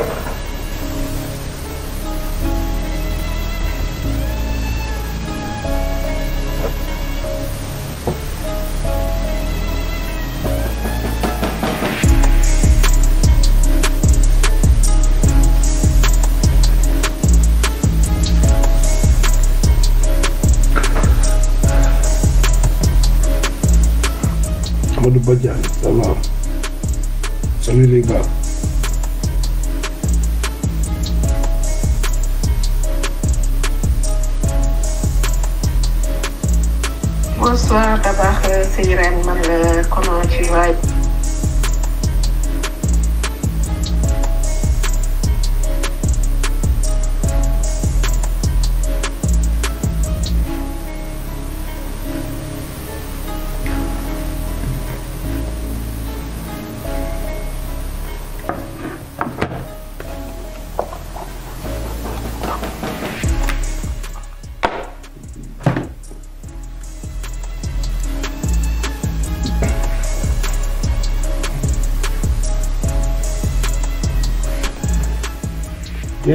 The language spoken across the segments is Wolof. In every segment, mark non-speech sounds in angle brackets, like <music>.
Thank you.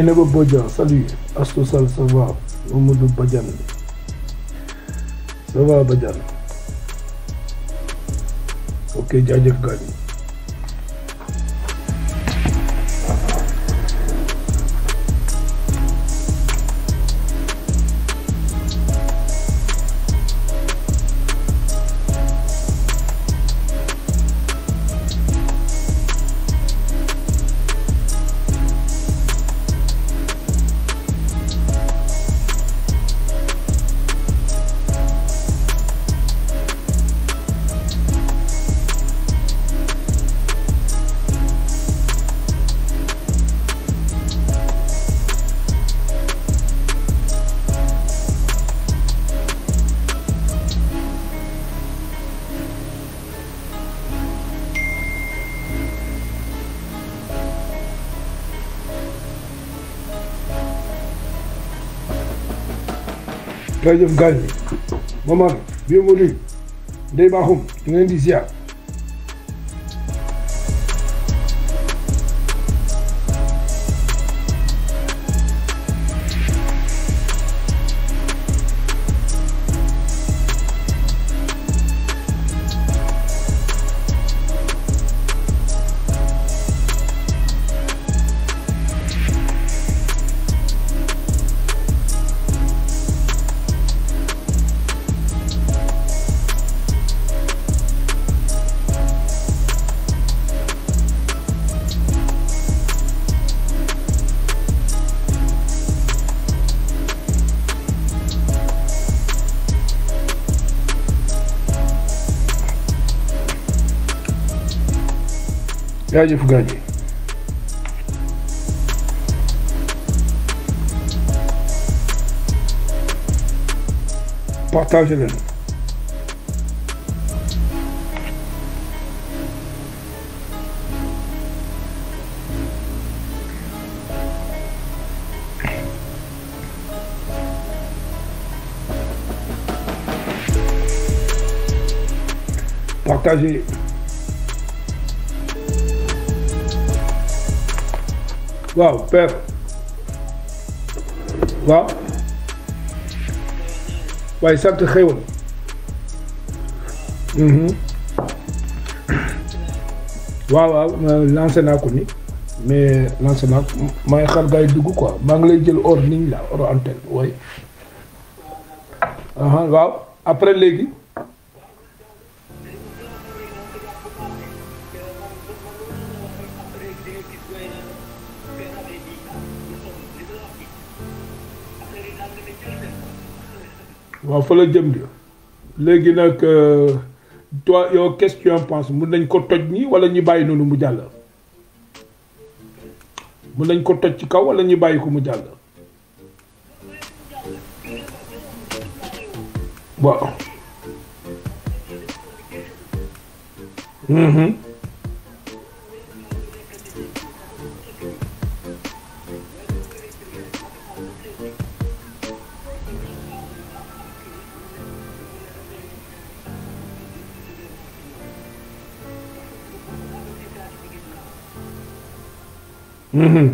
Dieynaba Bodian salut Astou Sall ça va Mamadou Badiane ça va Badiane ok jaajëf gaañ jërëjëf gaañ bi Momar Bienvenue Ndeye Bakhoum ñu ngi leen di ziar. Rajiv Gandhi. Portal General. Portal General. Wow, perfect. Wow. وعصابة الخيول. Mhm. waaw waaw lancé naa ko ni mais lancé naa ko maa ngi xar gars yi dugg quoi maa ngi lay jël hors ligne la hors antenne waaye. waaw après léegi. fa la jëm bi léegi nag euh, toi yow qu'est-ce que tu mun nañ koo toj nii wala ñu bàyyi noonu mu jàll. mun nañ ko toj ci kaw walla ñu bàyyi ko mu jàll. waaw. Mm-hmm. Mm-hmm.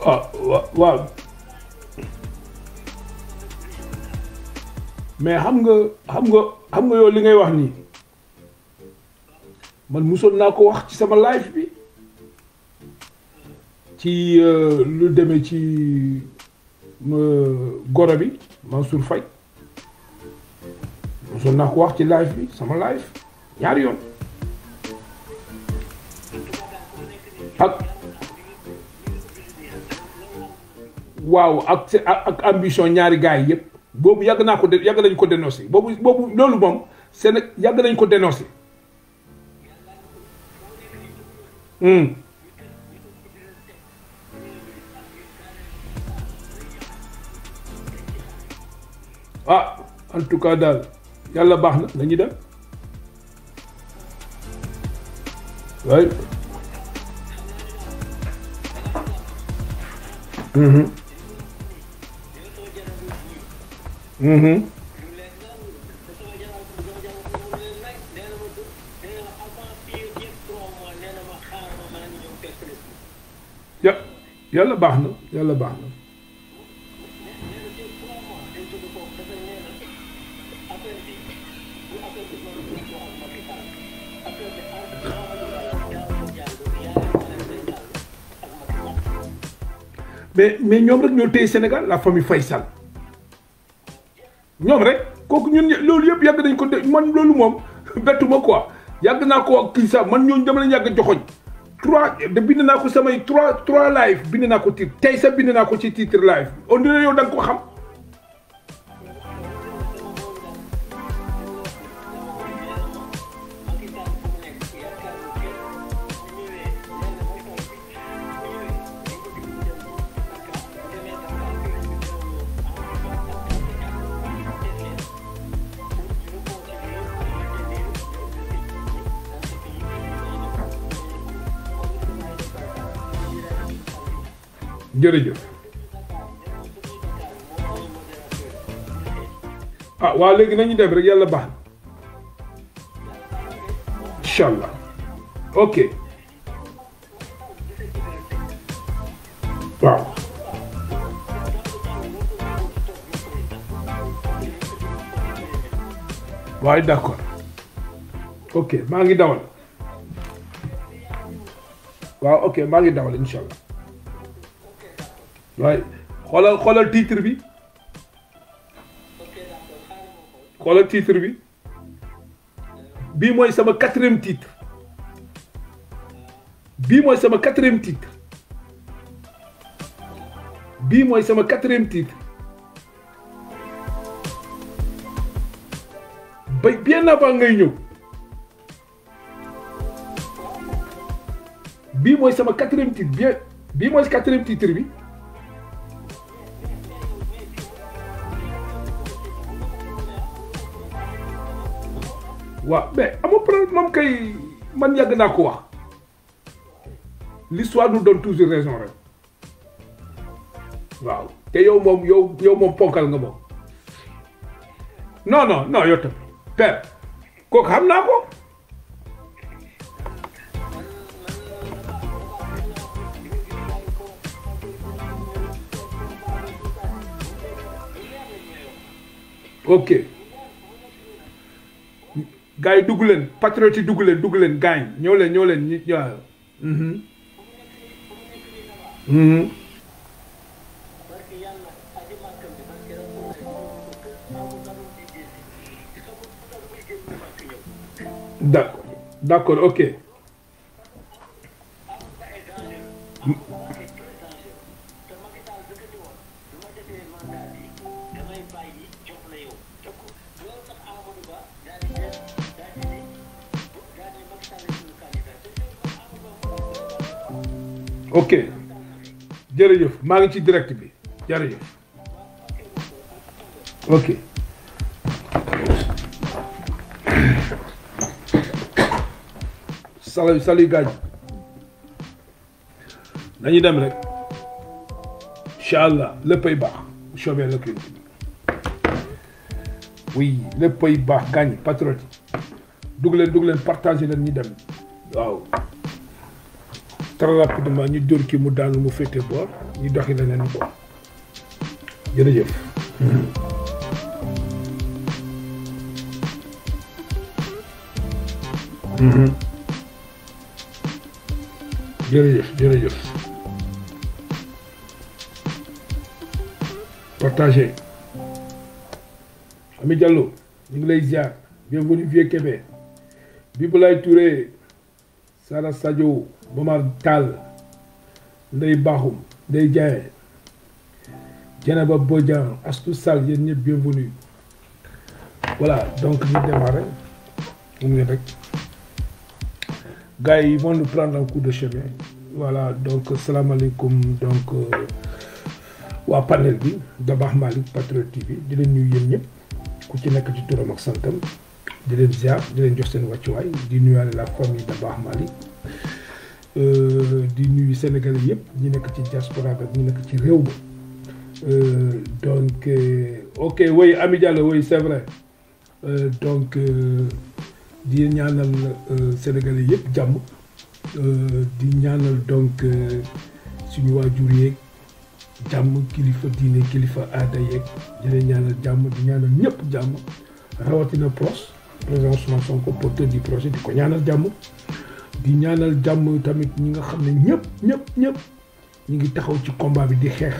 Oh, waaw mais xam nga xam nga xam nga yow li ngay wax ni man musoon naa ko wax ci sama live bi ci euh, lu demee ci Gora bi Mansur Fay Mansur nan kou ak ki laj bi Sama laj Yari yon A Waw ak ambisyon Yari gay yep Yag nan kote nosi Yag nan kote nosi Hmm ah en tout cas dal yalla baxna na nañu dem way mhm mhm ya yàlla baax na mais mais ñoom rek ñoo téye Sénégal la famille Faye Sall ñoom rek kooku ñun loolu yëpp yàgg nañ ko de man loolu moom <laughs> bettu ma quoi yàgg naa ko kii sax man ñooñu dama leen yàgg joxoñ trois de bind naa ko samay trois trois live bind naa ko titre tey sax bind naa ko ci titre live on dirait yow da nga ko xam. jërëjëf ah wa legui nañu def rek yalla bax. Inshallah. ok Wow. waaye d'accord ok ma ngi dawal waaw ok ma ngi dawal inshallah. waaye xoolal xoolal titre bi xoolal titre bi bii mooy sama quatrième titre bii mooy sama quatrième titre bii mooy sama quatrième titre ba bien avant ngay ñëw bii mooy sama quatrième titre bien bii mooy quatrième titre bi waaw mais amoo problème moom kay man yàgg naa ko wax l'histoire nous donne toujours raison rek waaw te yow moom yow yow moom ponkal nga moom non non non yow tamit père naa ko ok gars yi dugg leen patriote yi dugg leen dugg leen gaañ ñëw leen ñëw leen ñi ok jërëjëf maa ngi ci direct bi jërëjëf ok salu salu gaañ nañu dem rek incha allah léppay baax bu soobee la koy baax gaañ patriote dugg leen dugg leen partagé la ñu dem très rapidement ñu dóor ki mu daanu mu féete boor ñu doxi leneen boor jërëjëf. jërëjëf jërëjëf partagé Ami Diallo ñu ngi lay ziar bienvenue vieux Kébé Bibulaye Touré Sara Sadio Momar Tall Ndey Bakhoum Ndey Dieng Djeneba Bodian Astou Sal, yéen ñëpp bienvenue voilà donc ñu démarrer mu ngi gars yi ils vont nous prendre un coup de chemin voilà donc salam alaykoum, donc euh, waa panel bi Dabakh Malick TV di leen nuyu yéen ñëpp ku ci nekk ci turam ak santam di leen di leen jox seen wàccuwaay di la famille de Mali. Euh, di nuyu Sénégalais yëpp ñi nekk ci diaspora ñi euh, donc euh, ok oui Ami Diallo oui c'est vrai donc di ñaanal Sénégalais d'une jàmm di ñaanal donc suñu waajur yeeg jàmm kilifa diine kilifa aada yeeg di ñaanal jàmm di ñaanal ñëpp jàmm rawatina proche président Ousmane Sonko porteur du projet di ko ñaanal jàmm di ñaanal jàmm tamit ñi nga xam ne ñëpp ñëpp ñëpp ñu ngi taxaw ci combat bi di xeex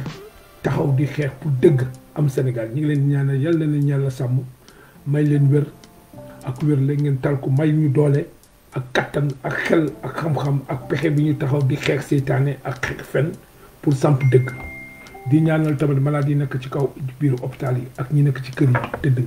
taxaw di xeex pour dëgg am Sénégal ñu ngi leen di ñaanal yal na leen yàlla sàmm may leen wér ak wér la ngeen tal ko may ñu doole ak kattan ak xel ak xam-xam ak pexe bi ñu taxaw di xeex seytaane ak fen pour samp dëgg di ñaanal tamit malade yi nekk ci kaw biiru hôpital yi ak ñi nekk ci kër yi tëdd.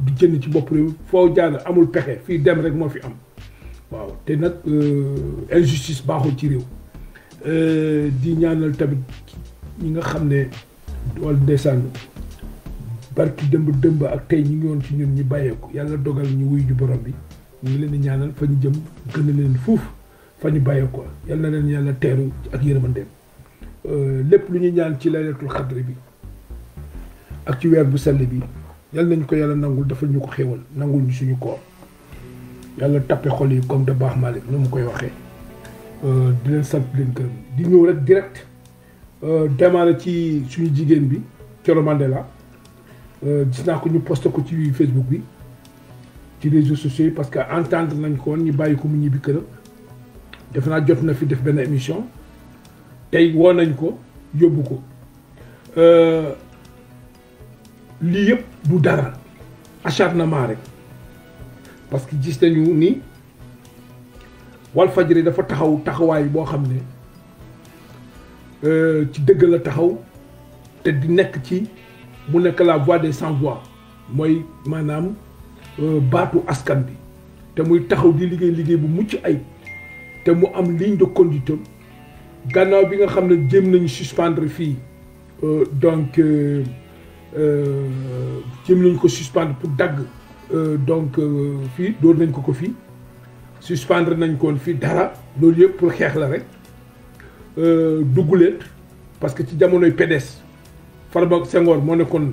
di jënd ci bopp réew foo jaar amul pexe fii dem rek moo fi am waaw te nag euh, injustice baaxul ci réew euh, di ñaanal tamit ñi nga xam ne wala ndeysaan barki dëmb dëmb ak tey ñu ngi woon ci ñun ñu bàyyeeku yàlla dogal ñu wuy ju borom bi ñu ngi leen di ñaanal fa ñu jëm gën a leen fuuf fa ñu bàyyeekoo yal na leen yàlla teeru ak yërmandeem euh, lépp lu ñu ñaan ci laylatul xadri bi ak ci weer bu sell bi yàlla nañ ko yàlla nangul dafa ñu ko y nangul ñu suñu koor yàlla tapé xol yi comme de baax qui ni mu koy waxee euh, di leen sant leen di ñëw rek direct euh, ci suñu jigéen bi Mandela euh, gis naa ko ñu posté ko ci Facebook bi ci réseaux sociaux parce que entendre nañ ko ñu bàyyi mu ñibbi këram def naa jot fi def benn émission tey woo nañ ko yóbbu ko li du dara rek parce que gis nañu ni fajri dafa taxaw taxaway bo ne euh, ci la taxaw te di nek ci la voix des sans voix euh, Batu askan bi te taxaw di bu mucc ay te mu am ligne de conduite gannaaw bi nga ne euh, donc. Euh, jéem nous ko suspendre pour Dag euh, donc euh, suspendre dara pour parce que ci jamonoy PDS ils Senghor kon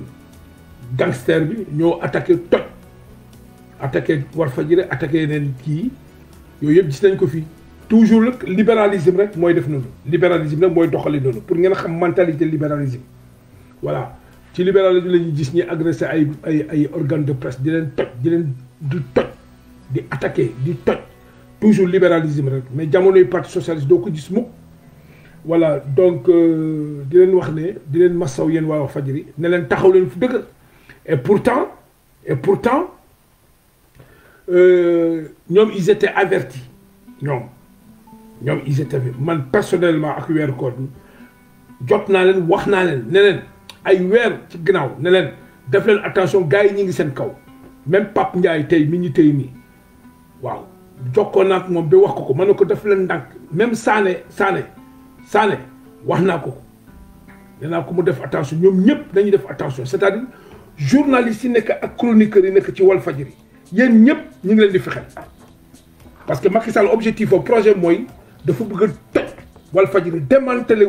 gangster bi attaqué attaqué warfagire attaqué Nous avons toujours le libéralisme rek def libéralisme Pour doxali pour une mentalité libéralisme voilà ci libéralisme la ñuy gis ñuy agressé ay ay ay organes de presse di leen toj di leen du toj di attaqué di toj toujours libéralisme rek mais jamonoy parti socialiste doo ko gis mukk voilà donc euh, di leen wax ne di leen massaw yéen waa Walfadjri ne leen taxaw leen fu dëgg et pourtant et pourtant euh, ñoom ils étaient avertis ñoom ñoom ils étaient man personnellement ak weer koor jot naa leen wax naa leen ne leen ay weer ci gannaaw ne def attention gars yi ngi seen kaw même pap Ndiaye tey mi tey nii waaw jokkoo wax ko ko ne def même Sané Sané Sané attention ñoom ñëpp nañu def attention c'est-à-dire journalistes yi nekk ak chroniqueur yi nekk ci ñu ngi di parce que Macky Sall objectif au projet de dafa bëgg a démanteler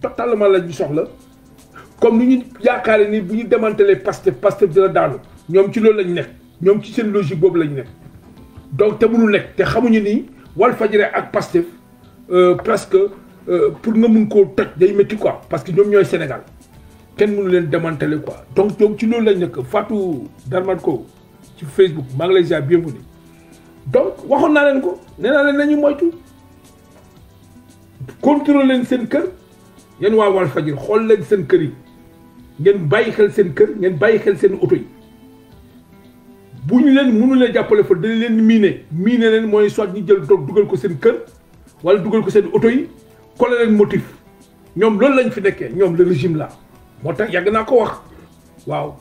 totalement la comme ni ñu ni bu ñu démantelee Pastef Pastef dina daanu ñom ci loolu lañ nekk ñom ci seen logique bobu lañ nekk donc te mënul nekk te xamuñu ni wal Walfadjri ak euh presque euh pour nga mun koo toj day métti quoi parce que ñom ñoy Sénégal ken mënu leen démanteler quoi donc ñom ci loolu lañ nekk Fatou ko ci Facebook maa ngi lay ziar bienvenue donc waxon na leen ko nee naa leen nañu moytu contrôle leen seen kër wa wal fajr xol leen seen kër yi. ngeen bàyyi xel seen kër ngeen bàyyi xel seen oto yi bu ñu leen mënulee jàppale fa dañ leen miine miine leen mooy soit ñu jël toog dugal ko seen kër wala dugal ko seen oto yi kole leen motif ñoom loolu lañ fi nekkee ñoom le régime la moo tax yàgg naa ko wax waaw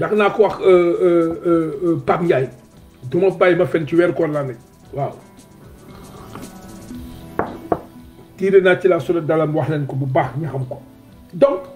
yàgg naa ko wax euh, euh, euh, Pape Ndiaye du ma bàyyi ma fen ci weer koor laa nekk waaw tiire naa ci la solo dalam wax leen ko bu baax ñu xam ko donc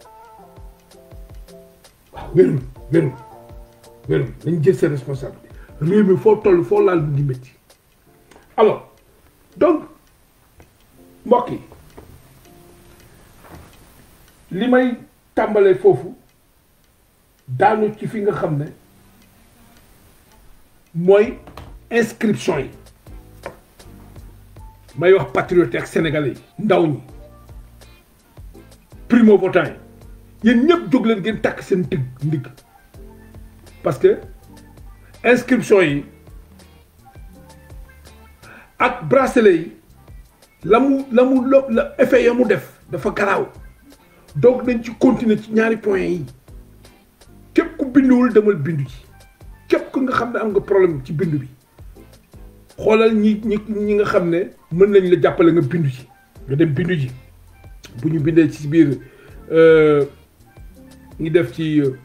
waaw ah, wérul responsabilité réew mi foo toll foo laal di alors donc mbokk yi li may tàmbalee foofu daanu ci fi nga inscription yi patriote sénégalais primo votant yéen ñëpp jóg leen ngeen takk seen tig ndig parce que inscription yi ak bracelet yi la mu la mu la effet ya mu def dafa garaaw donc nañ ci continuer ci ñaari points yi képp ku binduwul demal bindu ci képp ku nga xam ne am nga problème ci bindu bi xoolal ñi ñi ñi nga xam ne mën nañ la jàppale nga bindu ci nga dem bindu ci bu ñu bindee ci biir euh, ni euh,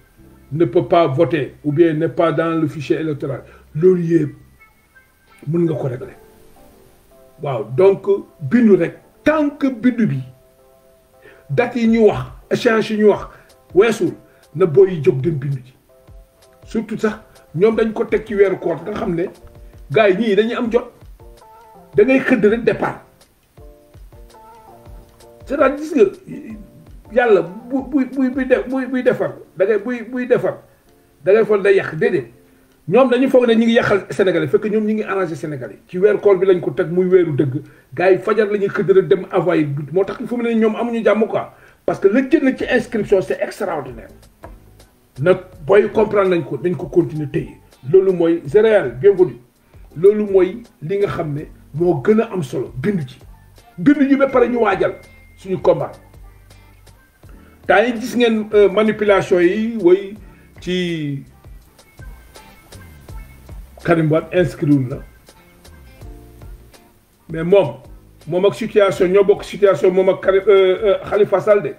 ne peut pas voter ou bien n'est pas dans le fichier électoral Le lieu, mën régler donc bindu tant que bindu bi date ñu wax ñu wax surtout ça, ñom dañ ko tek ci wéru koor nga départ cest à yàlla bu buy buy buy def buy buy defar da ngay buy buy defar da ngay foog day yàq déedéet ñoom dañu foog ne ñu ngi yàqal Sénégalais fekk ñoom ñu ngi arrangé Sénégalais ci weer koor bi lañ ko teg muy weeru dëgg gars yi fajar la ñuy xëddëral dem envoyé moo tax fu mu ne ñoom amuñu jàmm quoi parce que la génn ci inscription c'est extraordinaire nag booy comprendre nañ ko dañ ko continuer tey loolu mooy général bienvenu loolu mooy li nga xam ne moo gën a am solo bind ci bind ji ba pare ñu waajal suñu combat Il y gis ngeen euh, manipulation yi way ci Karim wat inscrire mais mom suis ak situation bokk situation mom ak euh, euh, Khalifa situation de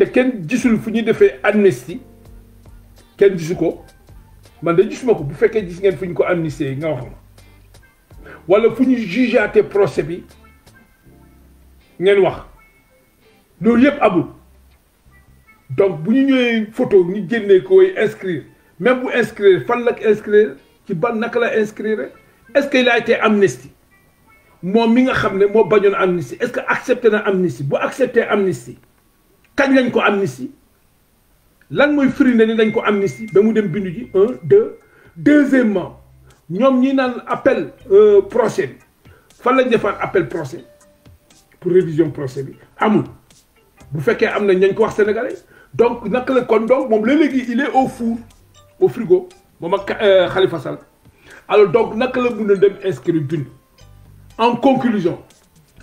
te kenn gisul fu ñu defee amnistie man de bu ko nga procès bi wax donc bu ñu ñëwee photo ñu génnee ko way inscrire même bu inscrire fan la inscrire ci ban naka la inscrire est-ce que il a été amnistie moom mi nga xam ne moo bañoon amnistie est-ce que accepté na amnistie bu accepté amnistie kañ lañ ko amnistie lan mooy firi ne dañ ko amnistie ba mu dem bindu ji un deux deuxièmement ñoom ñi naan appel euh, procès bi fan lañ defaat appel procès pour révision procès bi amul bu fekkee am na ñañ ko wax sénégalais donc naka la kon donc mom léeg il est au four au frigo moom ak euh, Khalifa Sall alors donc naka la mun a dem inscrire bind en conclusion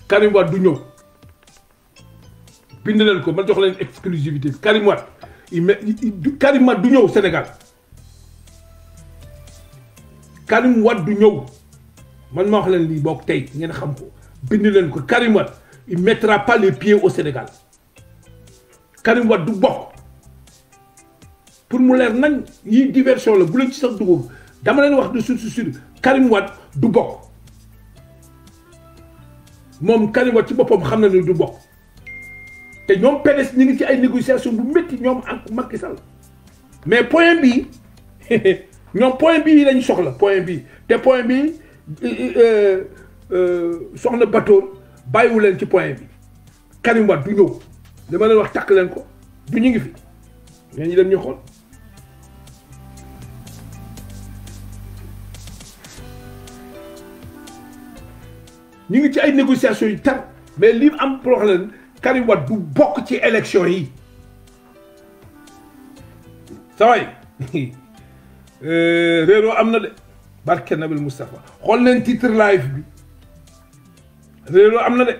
Karim Wade du ñëw bind leen ko man jox len exclusivité Karim Wade Karim Wade du ñëw Sénégal Karim Wade du ñëw man ma wax len li bok tay ngeen xam ko bind len ko Karim Wade il mettra pas les pieds au Sénégal Karim Wade du bokk pour mu leer nañ yii diversion la bu leen ci sax dugub dama leen wax de source sur Karim Wade du bokk moom Karim Wade ci boppam xam na ne du bokk te ñoom PDS ñi ngi ci ay négociation bu metti ñoom ak Macky Sall mais point bi <laughs> ñoom point bi lañ soxla point bi te point euh, euh, euh soxna bateau, bàyyiwu leen ci point bi Karim Wade du ñëw. dama leen wax takk leen ko du ñu ngi fi ngeen ñi dem ñu xol ñu ngi ci ay négociation yu tar mais li am problème Karim wat du bokk ci élection yi saway réeroo am na de barke Nabil Moustapha xol leen titre live bi réeroo am na de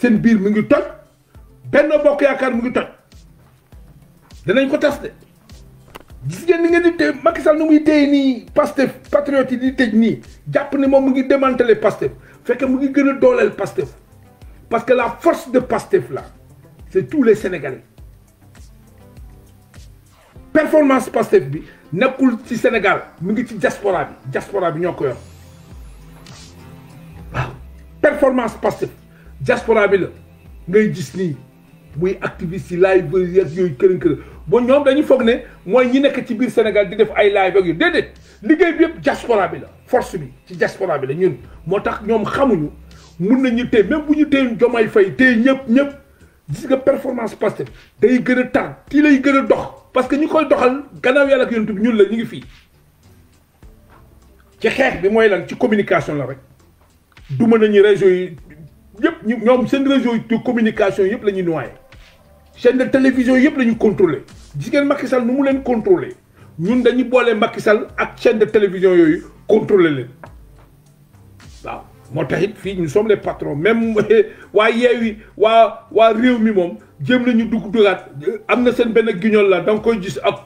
sen bir mi ngi toj benn bokk yaakaar mi ngi toj danañ ko de gis ngeen ni ngeen di téye Macky Sall nu muy téye nii Pastef patriote yi di tëj nii jàpp ni moom mu ngi démanteler Pastef fekk mu ngi gën a dooleel Pastef parce que la force de Pastef là c'est tous les Sénégalais performance Pastef bi nekkul ci Sénégal mu ngi ci diaspora bi diaspora bi ñoo ko yor performance Pastef diaspora bi la ngay gis nii muy live ak yooyu këriñ këriñ bon, ñoom avez foog ne mooy ci Sénégal di def ay live ak yooyu bi diaspora bi la force bi ci diaspora bi la ñun moo tax ñoom xamuñu mun nañu téye même bu ñu téye gis nga performance passé day gën a tar dox parce que ñu koy doxal gannaaw yàlla ak ñun la ñu ngi fii ci xeex bi lan communication la rek du mën réseau yep ñu sen de communication la noyé chaîne de télévision yep la Nous gis Macky Sall mu leen contrôler ñun Macky Sall ak chaîne de télévision yoyu les leen sommes les patrons même <laughs> wa wa réew mi nous jëm nañu dugg amna guignol la koy gis ak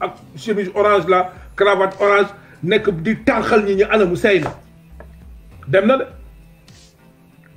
ak chemise orange la cravate orange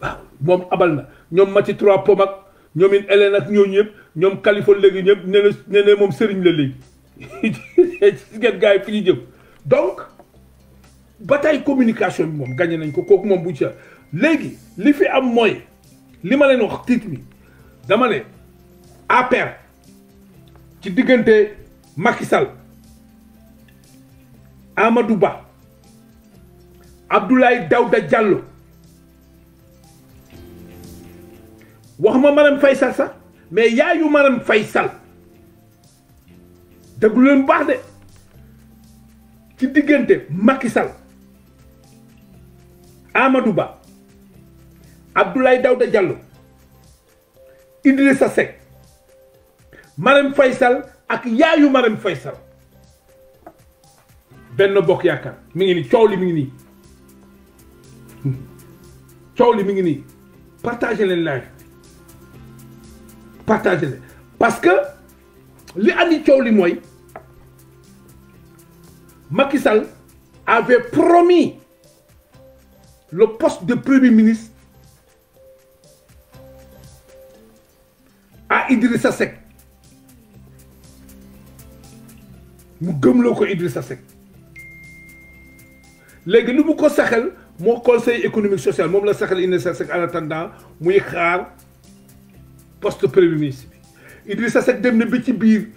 waaw moom abal na ñoom Mati trois pom ak ñoom it Hélène ak ñooñu yëpp ñoom Kalifa léegi ñëpp nee na moom sëriñ la léegi <laughs> gis ngeen yi fi ñu jëm donc bataille communication bi moom gañe nañ ko kooku moom bu ca léegi li fi am mooy li ma leen wax tiit mi dama ne APR ci diggante Macky Sall Amadou Ba Abdoulaye Daouda Diallo waxuma ma Faye Sall sax mais yaayu Marème Faye Sall déglu leen baax de ci diggante Macky Sall Amadou Ba Abdoulaye Daouda Diallo Idrissa Seck Marème Faye Sall ak yaayu Marème Faye Sall benn bokk yaakaar mi ngi nii coow li mi ngi nii hmm. coow li mu ngi nii partagé leen live partager. parce que lui andi coow li Moy, Macky Sall avait promis le poste de premier ministre à Idrissa Seck mu gëmloo ko Idrissa Seck Maintenant, lu mu ko saxal conseil économique social moom la saxal Idrissa Seck en attendant muy xaar poste premier ministre bi Idrissa Seck dem na ba ci biir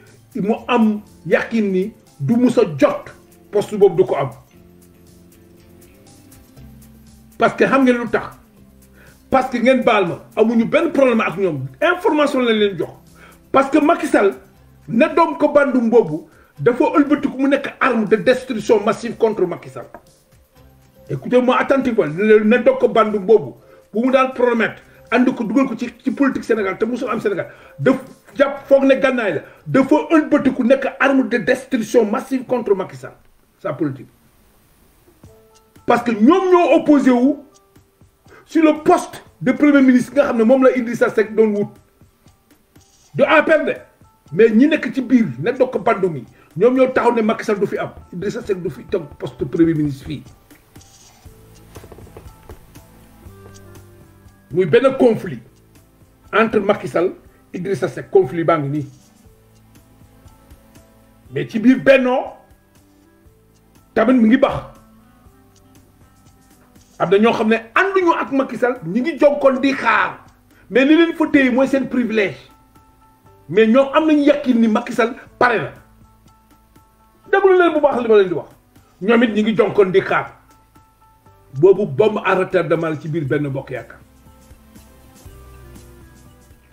mu am yàqin ni du musa jot poste Bob du ko am parce que xam ngeen lu tax parce que ngeen baal ma amuñu benn problème ak ñoom information lañ leen jox parce que Macky Sall na doom ko bandum boobu dafa ëlbatiku mu nekk arme de destruction massive contre Macky Sall écoutez-moi attentivement na doom ko bandum boobu bu mu daan promettre ne ko dugal ko ci politique Sénégal te musul am Sénégal de arme de destruction massive contre Macky Sall sa politique. parce que nous ñoo opposé sur le poste de premier ministre nga xam ne moom la Idrissa Seck doon wut du de mais ñi nekk ci biir nekk nous mi ñoo taxaw ne Macky Sall du fi am Idrissa du fi poste premier ministre muy benn conflit entre Macky Sall Idrissa Seck conflit baa ngi nii mais ci biir bennoo tamit mi ngi bax am na ñoo xam ne ànduñu ak Macky ñi ngi jonkoon di xaar mais li leen fa téye mooy seen privilège mais ñoo am nañu yàqin ni Macky Sall pare na déglu leen bu baax li ma leen di wax ñoom it ñi ngi jonkoon di xaar boobu bombe à retardement ci biir benn mbokk yaakaar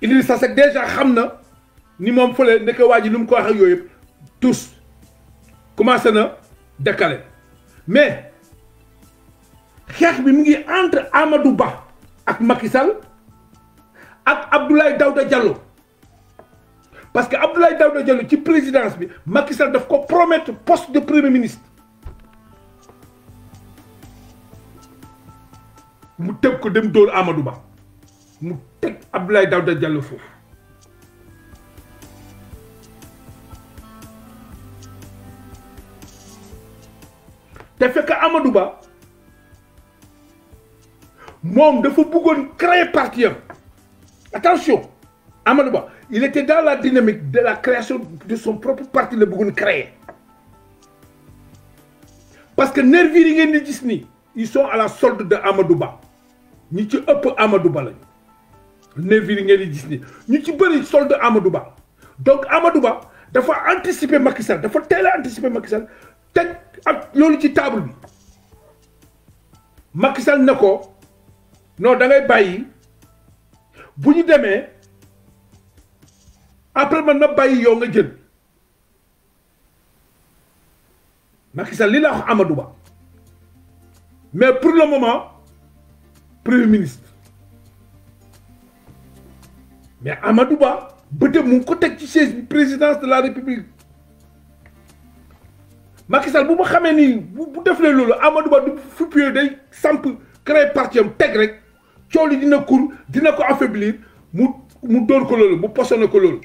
Il dit déjà xam na ni moom fële qui waa ji lu mu ko wax ak yooyu tous commencé na décaler mais xeex bi mu ngi entre Amadou Ba ak Macky Sall ak Abdoulaye Daouda Diallo parce que Abdoulaye Daouda Diallo ci présidence bi Macky Sall daf ko promettre poste de premier ministre mu que ko dem dóor Amadou Ba mu teg Abdoulaye Daouda Diallo foofu te fekk Amadou Ba moom dafa créer parti attention Amadouba il était dans la dynamique de la création de son propre parti le bëggoon créer parce que Nervi yi ngeen ils sont à la solde de Amadouba. Ba ñi ci Neville yi ngeen di gis ni ñu ci donc Amadouba Ba dafa anticiper Macky Sall dafa tellement anticiper Macky Sall teg ak loolu ci table bi Macky Sall ne ko non da ngay bàyyi bu ñu après man na bàyyi yow nga jël Macky Sall li la wax Amadou mais pour le moment premier ministre mais Amadou Ba bëtam mu ngi ko teg ci siège bi présidence de la république Macky Sall bu ma xamee nii bu bu defalee loolu Amadou Ba du fuppiyee day samp créé parti am teg rek coow dina kur dina ko affaiblir mu mu dóor ko loolu mu posone ko loolu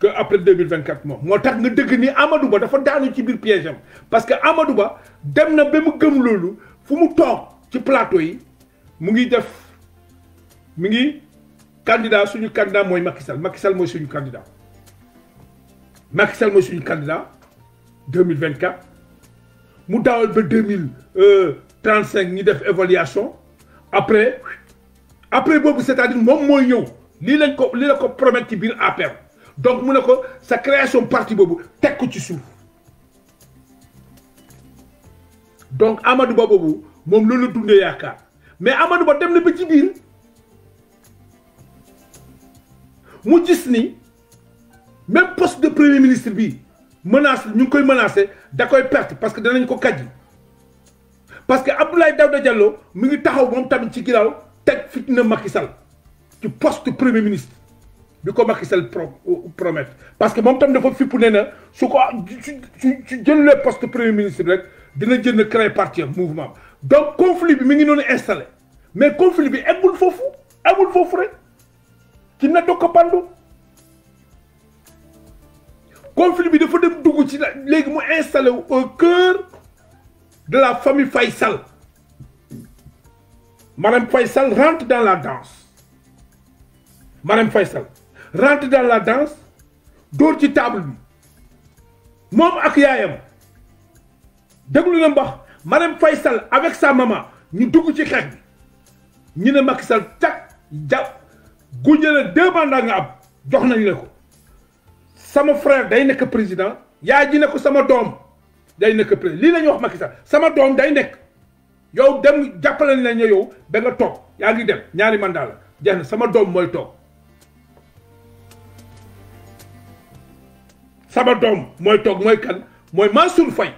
que après 2024 moom moo tax nga dëgg ni Amadou Ba dafa daanu ci biir piège parce que Amadou Ba dem na ba mu gëm loolu fu mu toog ci plateau yi mu ngi def mu ngi candidat suñu candidat moy Macky candidat Macky Sall suñu candidat 2024 mu ba 2035 def évaluation après après c'est-à-dire mom moy lañ ko la ko promettre APR donc mu ne ko sa création parti donc Amadou Ba le candidat. la mais Amadou Ba mu gis ni même poste de premier ministre bi menace ñu koy menacer da koy perte parce que danañ ko kàjji parce que Abdoulaye dawda Diallo mi ngi taxaw mom tam ci ginnaaw tek fitna Macky Sall ci poste premier ministre bi ko Macky Sall promettre parce que mom tam dafa fipp pour na su ko su su le poste premier ministre rek dina jënd créer parti mouvement donc conflit bi mi ngi non installé mais conflit bi amul fofu amul fofu rek. Qui na ko pandu conflit bi dafa dem dugg ci léegi mu installé au cœur de la famille Faisal Madame Faisal rentre dans la danse Madame Faisal rentre dans la danse d'où ci table bi moom ak Madame Faisal avec sa maman ñu dugg ci xeex bi ñu ne Macky Sall tag ku jëlee deux mandats nga am jox nañ ne ko sama frère day nekk président yaay ji ne ko sama doom day nekk président lii la wax Macky Sall sama doom day nekk yow dem jàppale nañ yow ba nga toog yaa ngi dem ñaari mandat la jeex na sama doom mooy toog sama doom mooy toog mooy kan mooy Mansour Faye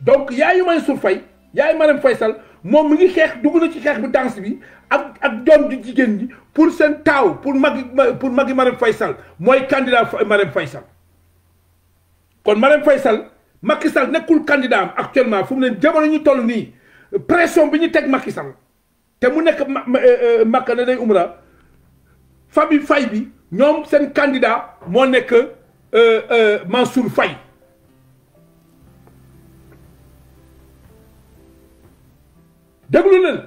donc yaayu Mansour Faye yaay Marème Faye Sall moom mi ngi xeex dugg na ci xeex bu danse bi ak ak doom ju jigéen ji pour seen taaw pour magi pour magi Marème Faye Sall mooy candidat Marème Faye kon Marème Faye Sall Macky Sall nekkul candidat am actuellement fu mu ne jamono ñu toll nii pression bi ñu teg Macky Sall te mu nekk euh, euh, Makka ne day umra Fabi Fay bi ñoom seen candidat moo nekk euh, Mansour Faye déglu leen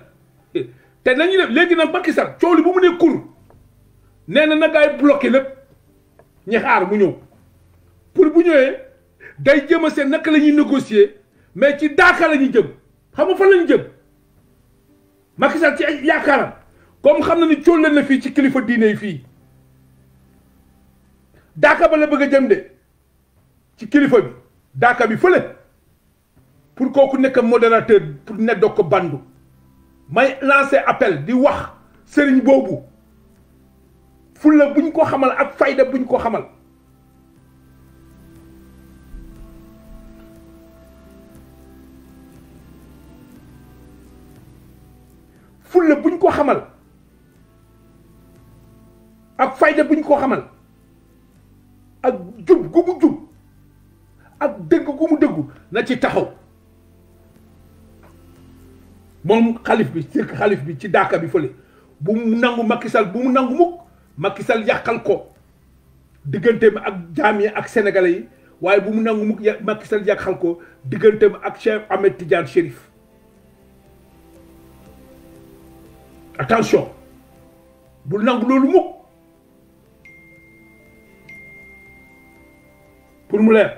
te nañu def léegi nag Macky Sall coow li bu mu ne kur nee na na gaay bloqué lépp ñi xaar mu ñëw pour bu ñëwee day jëm a seen naka lañuy ñuy négocier mais ci daaka la ñuy jëm xamu fa fan la ñu jëm Macky ci ay yaakaaram comme xam na ni cóol leen na fii ci kilifa diine yi fii daaka ba la bëgg a jëm de ci kilifa bi daaka bi fële. pour kooku nekk modérateur pour ne doo ko bandu may lancer appel di wax sëriñ boobu fulla buñ ko xamal ak fayda buñ ko xamal fulla buñ ko xamal ak fayda buñ ko xamal ak jub gu mu jub ak dëgg gu mu dëggu na ci taxaw moom xalif bi cirque xalif bi ci daaka bi fële bu mu nangu Macky Sall bu mu nangu mukk Macky Sall yàqal ko digganteem ak jaam ak sénégalais yi waaye bu mu nangu mukk Macky Sall yàqal ko digganteem ak Cheikh Ahmed tijaan Chérif attention bu nangu loolu mukk pour mu leer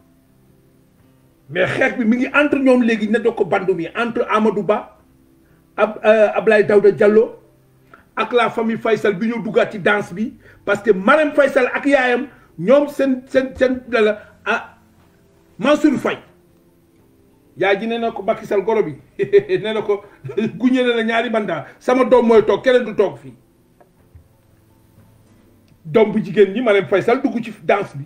mais xeex bi mi ngi entre ñoom léegi ne ko bandu mi entre amadou ba ab euh, ablaye dawda diallo ak la famille faysal bi ñu duggaat ci danse bi parce que marem faysal ak yaayam ñoom sen sen sen la a ah, mansour fay yaa ji nee na ko Macky goro bi <laughs> nee na ko <laughs> guñe na la ñaari banda sama doom mooy toog keneen du toog fii doom bu jigéen ñi Marème Faye dugg ci danse bi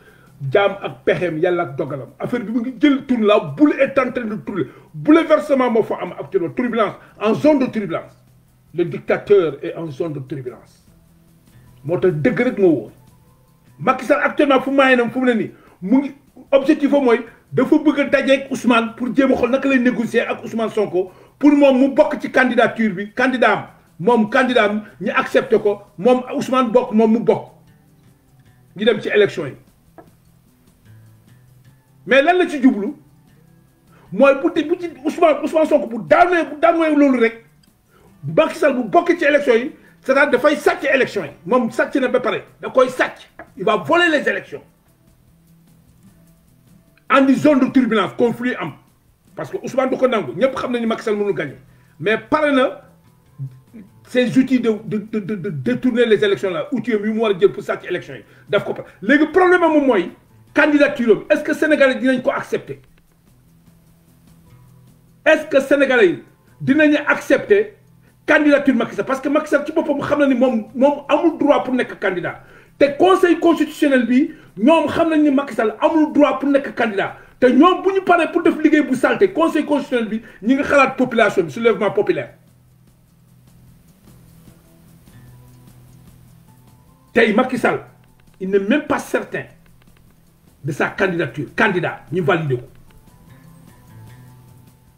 diam ak pexem yalla ak dogalam affaire bi mu ngi jël tourne la boule est en train de tourner bouleversement mo fa am actuellement turbulence en zone de turbulence le dictateur est en zone de turbulence moo deug rek mo wo Macky Sall actuellement fu maayee nam fu mu mu ngi objectif moy de dafa bëgg dajé ak Ousmane pour jéem xol nak lay négocier ak Ousmane Sonko pour mom mu bok ci candidature bi candidat mom candidat ñi accepter ko mom Ousmane bok mom mu bok ñi dem ci élection yi mais lan la ci djublu moy bu bu ci Ousmane Ousmane Sonko bu daanee bu daanee loolu rek Macky Sall bu bokki ci élection yi c'est-à-dire fay sàcc élection yi moom sàcc na ba pare da koy sàcc il va voler les élections en zone de turbulence conflit am parce que Ousmane du ko nangu xam nañu Macky Sall mënul gagner mais paré na ces outils de de de de détourner les élections là outils yi mu wara jël pour sàcc élections yi daf ko légui problème am moy candidature est-ce que sénégalais vont ko accepter est-ce que sénégalais vont accepter accepter candidature Macky Sall parce que Macky Sall ci boppam xam na ni moom amul droit pour nekk candidat te conseil constitutionnel bi ñoom xam nañ ni n'a pas amul droit pour nekk candidat te ñoom bu ñu pour def liggéey bu salté conseil constitutionnel bi ñi ngi population bi soulèvement populaire Et Macky Sall il n'est même pas certain de sa candidature candidat nous valide.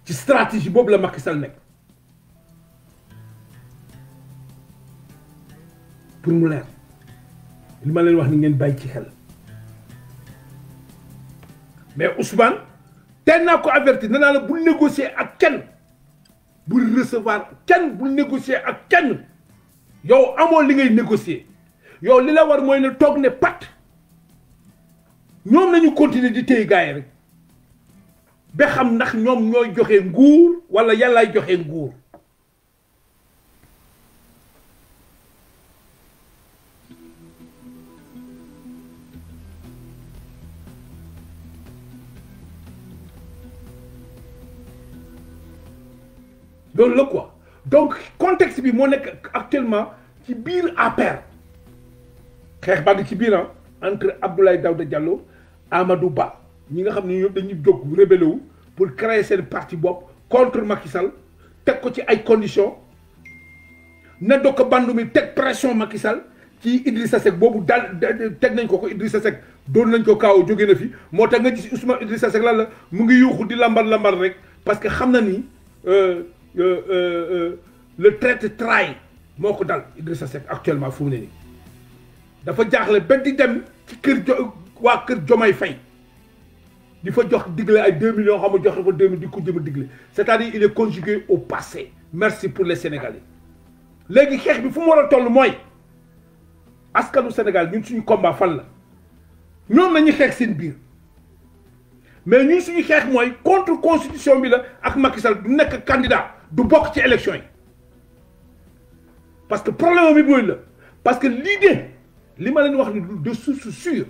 C'est stratégie boobu la Macky pour mu leer ma wax ni mais Ousmane teel averti, avertir nee négocier ak kenn pour recevoir kenn pour négocier avec kenn yow li ngay négocier yow li Tu war de ne ñoom lañu continuer di téye gaay rek ba xam ndax ñoom ñooy joxe nguur wala yàllaay joxe nguur loolu la quoi donc contexte bi moo nekk actuellement ci biir APR xeex baa ngi ci biir ah, entre Abdoulaye Daouda Diallo Amadou Ba ñi nga xamni ne ñoom dañuy jóg rébellé wu pour créer seen parti bop contre Macky Sall tek ko ci ay conditions na do ko bandu mi teg pression Macky Sall ci Idrissa Seck bobu dal tek nañ ko ko Idrissa Seck doon nañ ko kaw jogé na fi moo nga gis Ousmane Idrissa Seck lan la mu ngi yuxu di lambal lambal rek parce que xamna ni euh euh euh le traite trahi moko dal Idrissa Seck actuellement fu mu ne nii dafa jaxlé benn di dem ci kër jo waa kër Jomay fay di fa jox diglé ay 2 millions xam nga joxe 2 millions di ko jëm a c'est-à-dire il est conjugué au passé merci pour les Sénégalais légui xex bi fu mu war toll moy askanu Sénégal ñun suñu combat fan la ñoom nañu xex seen biir mais ñun suñu xex moy contre constitution bi la ak Macky Sall du nekk candidat du bok ci élection yi parce que problème bi mooy la parce que l'idée li ma leen wax ni de source sûre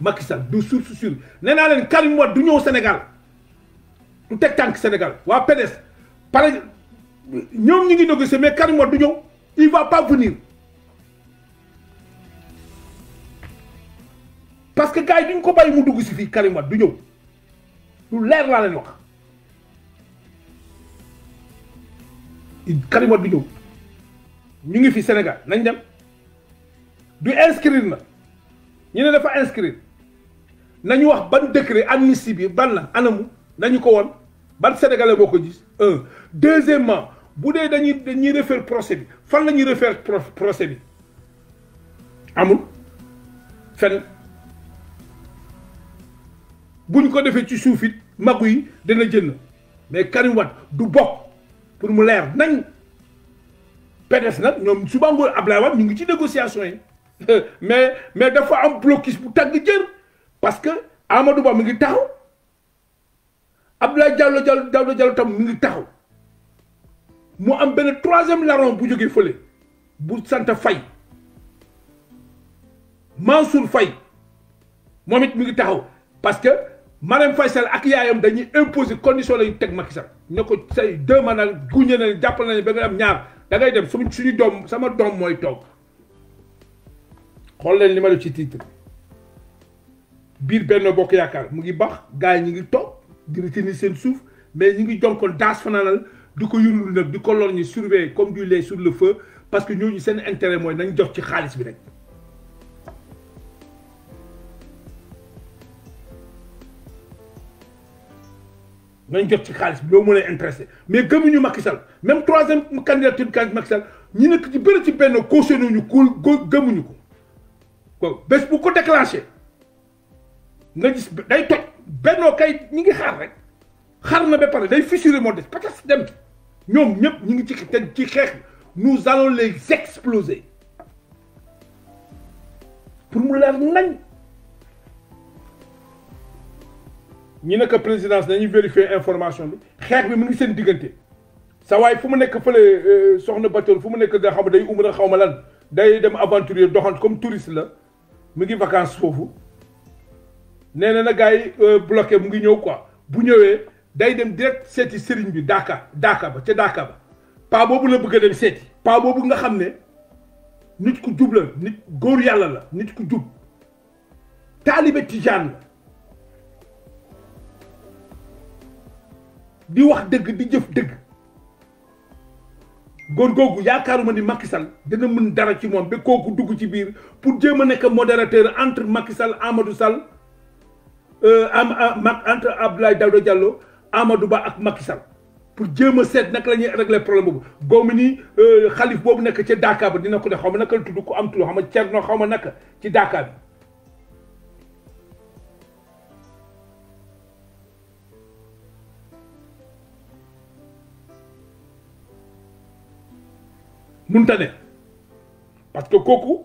Macky Sall source sur len Karim du au Sénégal un tek tank Sénégal wa PDS par ñom ñi ngi négocier mais Karim du il va pas venir parce que gaay duñ ko bay mu dugg ci fi Karim Wade du ñew lu leer la len wax Karim Wade du Sénégal. ñu ngi fi Sénégal nañ dem du inscrire na ñu ne dafa inscrire nañu wax ban décret ban la anamu nañu ko ban sénégalais gis un deuxièmement vous dañuy refaire procès bi fan faire refaire procès bi amul fenn buñ ko défé ci soufit, magui mais Karim wat du bokk pour mu leer nañ PDS nak ñom suba qui Ablaye ngi négociation <laughs> mais mais dafa am parce que Amadou Ba mi ngi taxaw Abdoulaye Diallo Diallo Diallo tam mi taxaw mu am ben troisième larron bu jógee le bu Fay. Faye Mansour je suis taxaw parce que Marème Faye ak yayam dañuy imposer condition lañu Macky Sall say deux manal na de nañu am ñaar da ngay dem suñu suñu sama dom moy tok leen li ci titre bir benn bokk yaakaar mu ngi bax gars yi ñu ngi toog di retenir seen suuf mais ñu ngi jonkoon daas fanaanal di ko yurul nag di ko lor ñu surveiller comme du lait sur le feu parce que ñooñu seen intérêt mooy nañ jox ci xaalis bi rek. nañ jot ci xaalis bi loolu moo lay intéressé mais gëmuñu Macky Sall même troisième candidature bi Macky Sall ñi nekk ci bëri ci benn cautionné ñu ko gëmuñu ko bés bu ko déclenché day kay rek nous allons les exploser pour mu leer nañ ñi nekk présidence nañu vérifier information bi xeex bi mu ngi seen diggante sa waay fu mu nekk euh, soxna fu mu nga xam day umra xaw ma lan day dem aventurier comme touriste la ngi vacances nee na na euh, bloqué mu ngi ñëw quoi bu ñëwee day dem direct séti sëriñ bi daka daka ba ca daka ba pa bobu la bëgg dem séti pa bobu nga xamné nit ku jub nit goor yalla la nit ku jub talibé tijaan di wax dëgg di jëf dëgg góor googu yaakaaruma ni Macky Sall dina mën dara ci moom ba kooku dugg ci biir pour jéem a modérateur entre Macky Sall Amadou Sall Euh, am entre Abdoulaye Daouda Diallo Amadou Ba ak Macky Sall pour jéem a seet naka la ñuy régler problème boobu boobu ni euh, xalif boobu nekk ci Dakar ba dina ko ne xaw ma la tudd ku am tudd xaw ma Cerno xaw ma naka ci Dakar bi munta ne parce que kooku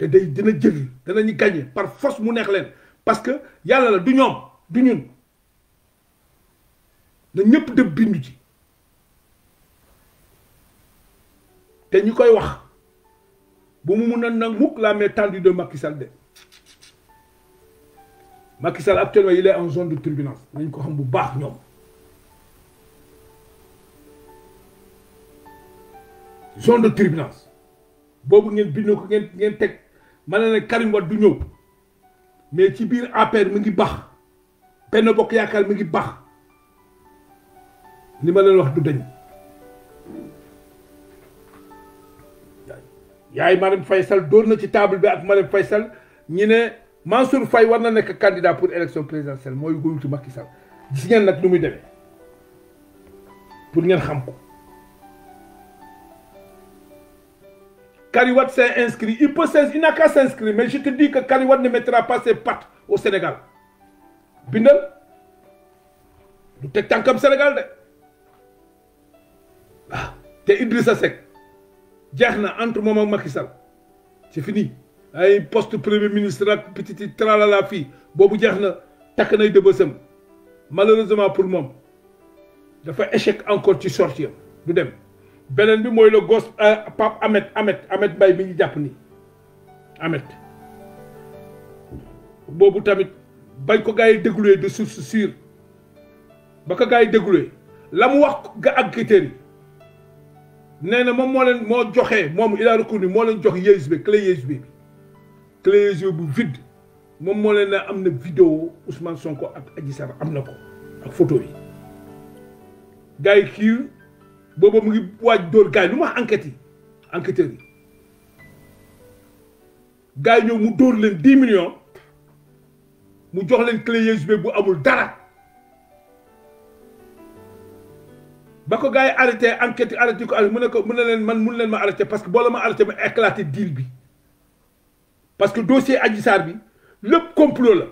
Et day dina jël gagner par force mu parce que yalla la du ñom du ñun ñëpp de bindu ci té a la de Macky Sall de Macky Sall actuellement il est en zone de turbulence ko zone de turbulence ngeen ko ngeen ma ne Karim Wade du ñew mais ci biir APR mi ngi bax benn bokk yaakaar mi ngi bax li ma leen wax du dañ yaay marim Faye door na ci table bi ak marim Faye ñi ne Mansour fay war na nekk candidat pour élection présidentielle mooy góyutu Macky gis ngeen nag nu muy demee pour ngeen xam ko Kariwat s'est inscrit. Il, peut il n'a qu'à s'inscrire. Mais je te dis que Kariwat ne mettra pas ses pattes au Sénégal. Bindal du teg comme Sénégal ah, Tu es Idrissa Seck entre moi et Macky c'est fini Un poste premier ministre petit tralala fille, tu es na takk de malheureusement pour moom fait échec encore tu sortir. beneen bi mooy la gos euh, Pape Ahmed Ahmed Ahmed bay bi ñu jàpp ni Ahmed boobu tamit bañ ko gaa yi dégluwee de suuf sûre ba ko gars yi dégluwee la mu wax ga ak critères yi nee na moom moo leen moo joxee moom il a reconnu moo leen jox USB clé USB bi clé USB bu vide moom moo leen ne am na vidéo Ousmane Sonko ak Adji am na ko ak photo yi gars yi kii booba mu ngi waaj dóor gars yi lu ma enquête yi enquêteurs yi ñëw mu dóor leen 10 millions mu jox leen clé USB bu amul dara ba ko gars arrêté enquête arrêté ko mu ne ko mu ne leen man mun leen ma arrêté parce que boo la ma arrêté ma éclaté deal bi parce que dossier Adji Sarr bi lépp complot la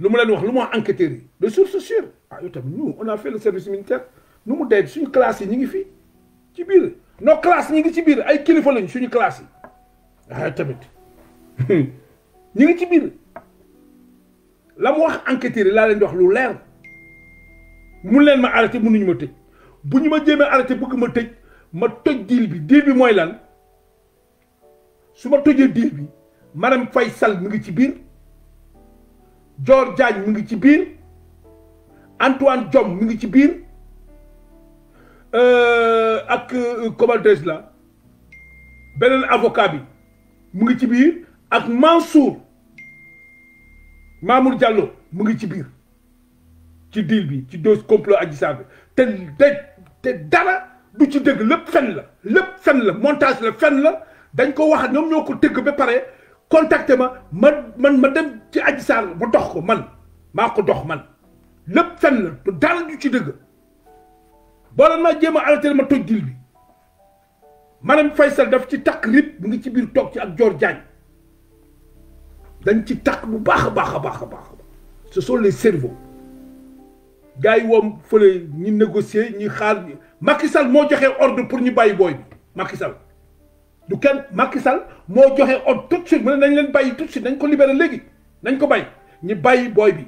lu mu leen wax lu mu yi de source sûre ah yow tamit nous on a fait le service militaire nu mu tey suñu classe yi ñu ngi fi ci biir nos classe ñu ngi ci biir ay kilifa lañ suñu classe yi ah tamit <laughs> ñu ngi ci biir la mu wax enquêteurs yi laa leen di lu leer mun leen ma arrêté mënuñu ma tëj bu ñu ma jéemee arrêté bëgg ma tëj ma toj diil bi diil bi mooy lan su ma tojee diil bi Marème Faye sal mu ngi ci biir Dior Diagne mu ngi ci biir Antoine Diome mi ngi ci biir. Euh, ak euh, comment dirais-je là beneen avocat bi mu ngi ci biir ak Mansour Mamour jàlloo mu ngi ci biir ci deal bi ci dose complot Adji Sarr bi te te te dara du ci dëgg lépp fen la lépp fen la montage la fen la dañ koo wax ñoom ñoo ko tëgg ba pare contacté ma ma man ma dem ci Adji Sarr bu dox ko man maa ko dox man lépp fen la dara du ci dëgg ma ma toj bi madame Faisal, daf ci tak rib mu ngi ci bir tok ci ak Dior dañ ci ce sont les cerveaux gars yi fele ñi négocier ñi xaar Macky Sall joxe ordre pour ñu bàyyi boy. Macky Sall du ken Macky Sall joxe ordre tout de suite nañ leen tout de suite nañ ko libérer légui nañ ko ñi bi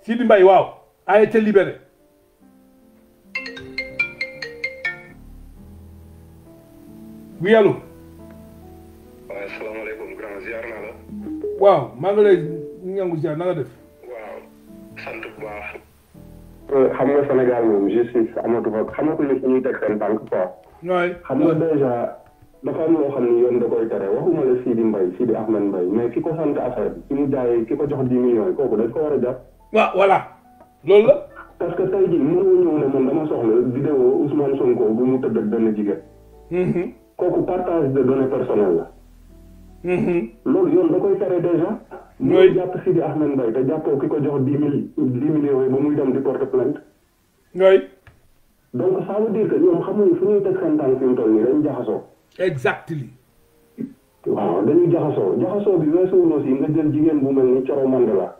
Sidi mbay waaw a été libéré oui allo. waaw grand ziar naa la. waaw maa ngi lay ñangu ziar na nga def. waaw sant bu baax. xam nga Sénégal moom justice amatu fa xam nga ku nekk ñuy teg seen tànk quoi. waay xam nga dèjà. dafa am loo xam ni yoon da koy tere waxuma la Sidi Mbaye Sidi Ahmed Mbaye mais ki ko sant affaire bi ki mu jaayee ki ko jox dix millions yi kooku dañ ko war a jàpp. voilà loolu la. parce que tey jii mënoo ñëw ne man dama soxla vidéo Ousmane Sonko bu mu tëdd ak benn jigéen. Mm-hmm. kooku partage de données personnelles la. Mm-hmm. loolu yoon da koy téré déjà. mooy japp Sidi Ahmed Mbaye da jappo kiko jox 10000 mille millions yi ba muy dem di porte plainte. ngay. donc ça veut dire que ñom xamuñu fu ñuy tek seen tan fi mu ni nii dañu jaxasoo. exactly. waaw dañuy jaxaso jaxaso bi weesuwul aussi nga jël jigéen bu melni choro Mandela.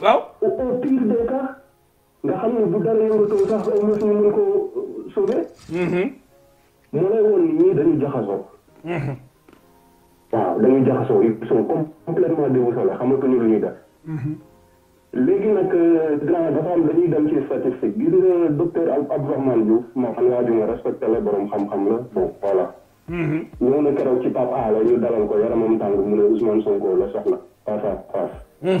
waaw. au pire des cas nga xam ne bu dara yëngatoo sax au moins ñu mën koo sauver. mu mhm. lay woon ni ñii dañuy jaxasoo. Mhm. waaw dañuy jaxasoo ils sont complètement déboussolés xamatuñu lu ñuy def. Mhm. léegi nag euh, grand dafa am dañuy dem ci statistique gis nga docteur Abdourahmane Diouf moo xam ne waa ju ma la borom xam-xam la bon voilà. ñëw na keroog ci Pape Alé ñu dalal ko yaramam tàng mu ne Ousmane Sonko la soxla face à face.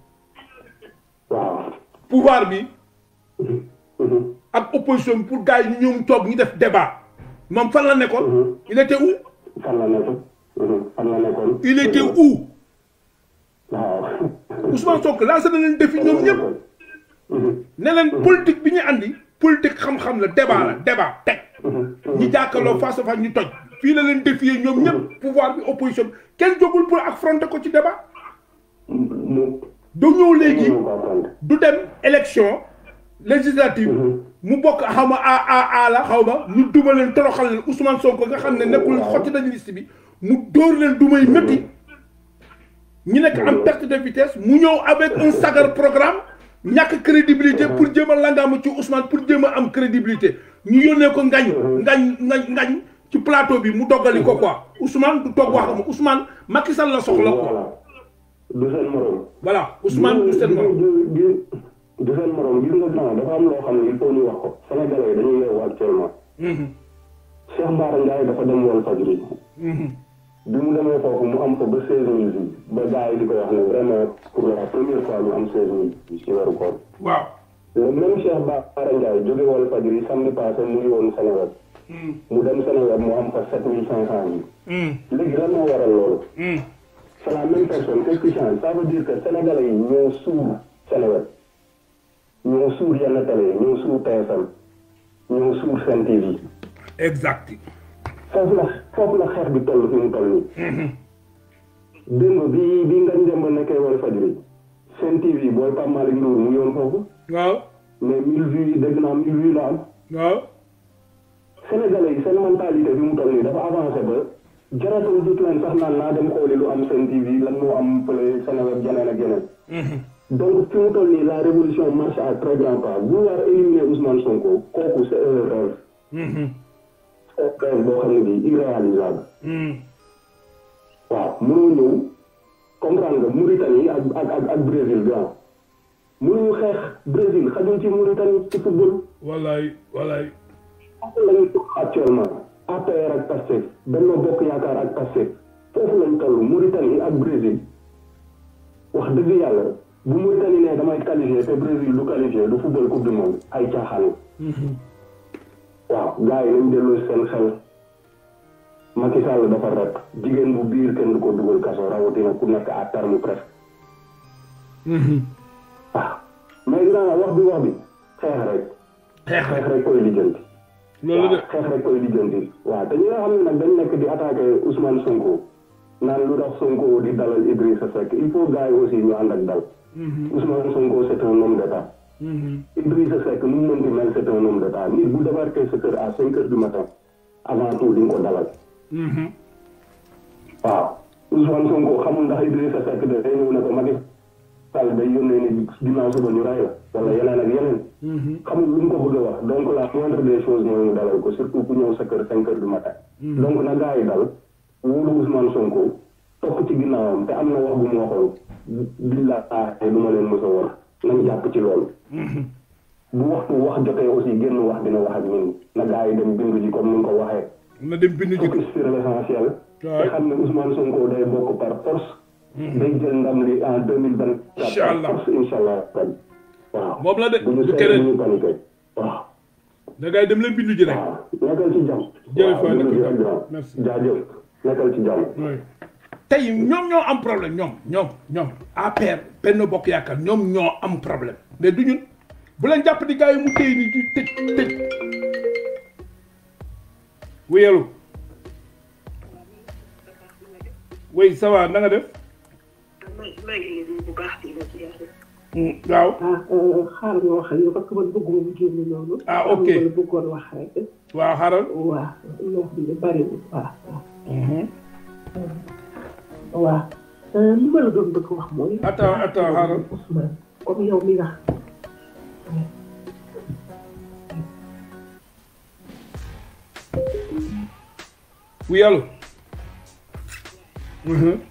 pouvoir bi mhm. Mhm. ak opposition pour gars yi ñu ñëw toog ñu def débat mom fan la nekkoon. Mhm. il était où. fan la nekkoon. il était où. waaw. <laughs> Ousmane Sonko lancé na leen def ñom ñep ne leen politique bi ñu andi. politique xam-xam la débat la débat tek ñi jàkkaarloo face face ñu toj. fi la leen défier ñom ñep pouvoir bi opposition bi kenn pour affronter ko ci débat. Nous avons léegi du dem élection législative mhm. mu bokk xaw ma a la xaw ma leen toroxal Ousmane Sonko nga xam ne nekkul Nous avons liste bi mu door leen du Nous métti perte de vitesse mu ñëw avec un sagar programme ñàkk crédibilité mhm. pour jéem a langaamu ci Ousmane pour jéem a am crédibilité ñu yónnee ko ngañ mhm. ngañ ngañ plateau bi mu doggali quoi Ousmane du toog ma Ousmane Macky Sall la soxla du seen morom. voilà Ousmane du seen morom gis nga temps dafa am loo xam ne il faut ñu wax ko Sénégalais yi dañuy yeewu actuellement. Mhm. Cheikh Bara Ndiaye dafa dem woon Fadjri. Mhm. bi mu demee foofu mu am ko ba seize mille ba gars yi di ko wax ne vraiment pour la première fois ñu am seize mille bi ci weeru koor. waaw le même Cheikh Bara Ndiaye jóge woon Fadjri samedi passé mu ngi woon mhm. mu dem Sénégal mu am fa sept mille cinq cent bi. léegi lan moo waral loolu. c'est e e e la même personne qu'est-ce qui change ça veut dire que sénégalais yi ñoo suur Seneweb ñoo suur yenn télé ñoo suur TFM ñoo suur Sen TV. foofu la mhm. foofu la xeex bi toll fi mu toll nii. démb bi bi nga njëmb nekkee war a faj bi Sen TV booy Pape Malick Ndour mu yoon foofu. waaw mais mille vues yi dégg naa mille vues la am. waaw. sénégalais yi seen mentalité bi mu toll nii dafa avancé ba. jaratul jutlan sax naan naa dem xooli lu am seen TV lan mu am fële web geneen ak geneen. donc fi mu toll nii la hmm. révolution marche à très grand pas vouloir éliminer Ousmane Sonko kooku c' est un rêve. c' est un rêve boo xam ne bii irréalisable. waaw mënoo ñëw comprendre nga Mauritanie ak ak ak ak Brésil bi ah mënuñu xeex Brésil xajul ci Mauritanie ci football. wallaay wallaay. lañu actuellement. APR ak Pastef Benno Bokk Yaakaar ak Pastef foofu lañ toll Mauritanie ak Brésil wax dëgg yàlla bu Mauritanie ne damay qualifié te Brésil du qualifié du football coupe du monde ay caaxaan waaw gars yi lañ delloo seen xel Macky Sall dafa rek jigéen bu biir kenn du ko dugal kaso rawatina ku nekk à terme presque mm-hmm. ah, mais grand wax bi wax bi xeex rek xeex rek koy lijjanti loolu la xeex rek koy lijjanti waaw te ñi nga xam ne nag dañ nekk di attaqué Ousmane Sonko naan lu tax Sonko di dalal Idrissa Seck il faut gars aussi ñu ànd ak dal. Mhm. Ousmane Sonko c'est un homme d'état. Mhm. Idrissa Seck nu mu mën di mel c'est un homme d'état nit bu débarqué sa kër cinq heures du matin avant tout di nga ko dalal. Mhm. waaw Ousmane Sonko xamul ndax Idrissa Seck dafay ñëw ne ko Macky Sall day yónnee ni ginnaaw suba ñu ray la wala yeneen ak yeneen. Mhm. xamul lu ko bëgg a wax donc la moindre des choses mooy mu dalal ko surtout ku ñëw sa kër cinq heures du matin. Mhm. donc na gars yi dal wóolu Ousmane Sonko topp ci ginnaawam te am na wax bu mu waxoon billaahi du ma leen mos a woon nañ jàpp ci loolu. Mhm. bu waxtu wax jotee aussi génn wax dina wax ak ñun na gars dem bindu ji comme ni ko waxee. na dem bindu ji focus sur l' xam Ousmane Sonko day bokk par force. Mhm. day en deux allah incha allah waaw. moom la de du keneen du dem leen bindu ji rek. waaw nekkal tey ñoom ñoo am problème ñoom ñoom ñoom APR benn bokk yaakaar ñoom ñoo am problème mais du ñun bu leen jàpp di gars yi mu téy ni di tëj tëj wéyalu oui ça va na nga def bu baax waaw. Ah, eh, xaaral ma wax ak yow parce que man bëgguma ñu génn noonu. ah ok ma bëggoon wax rek. waaw xaaral. waaw loo xam ne bariwul waaw. waaw mhm. euh, li ma la doon bëgg wax mooy. attends attends xaaral. Ousmane comme yow mi nga. oui allo. Mhm.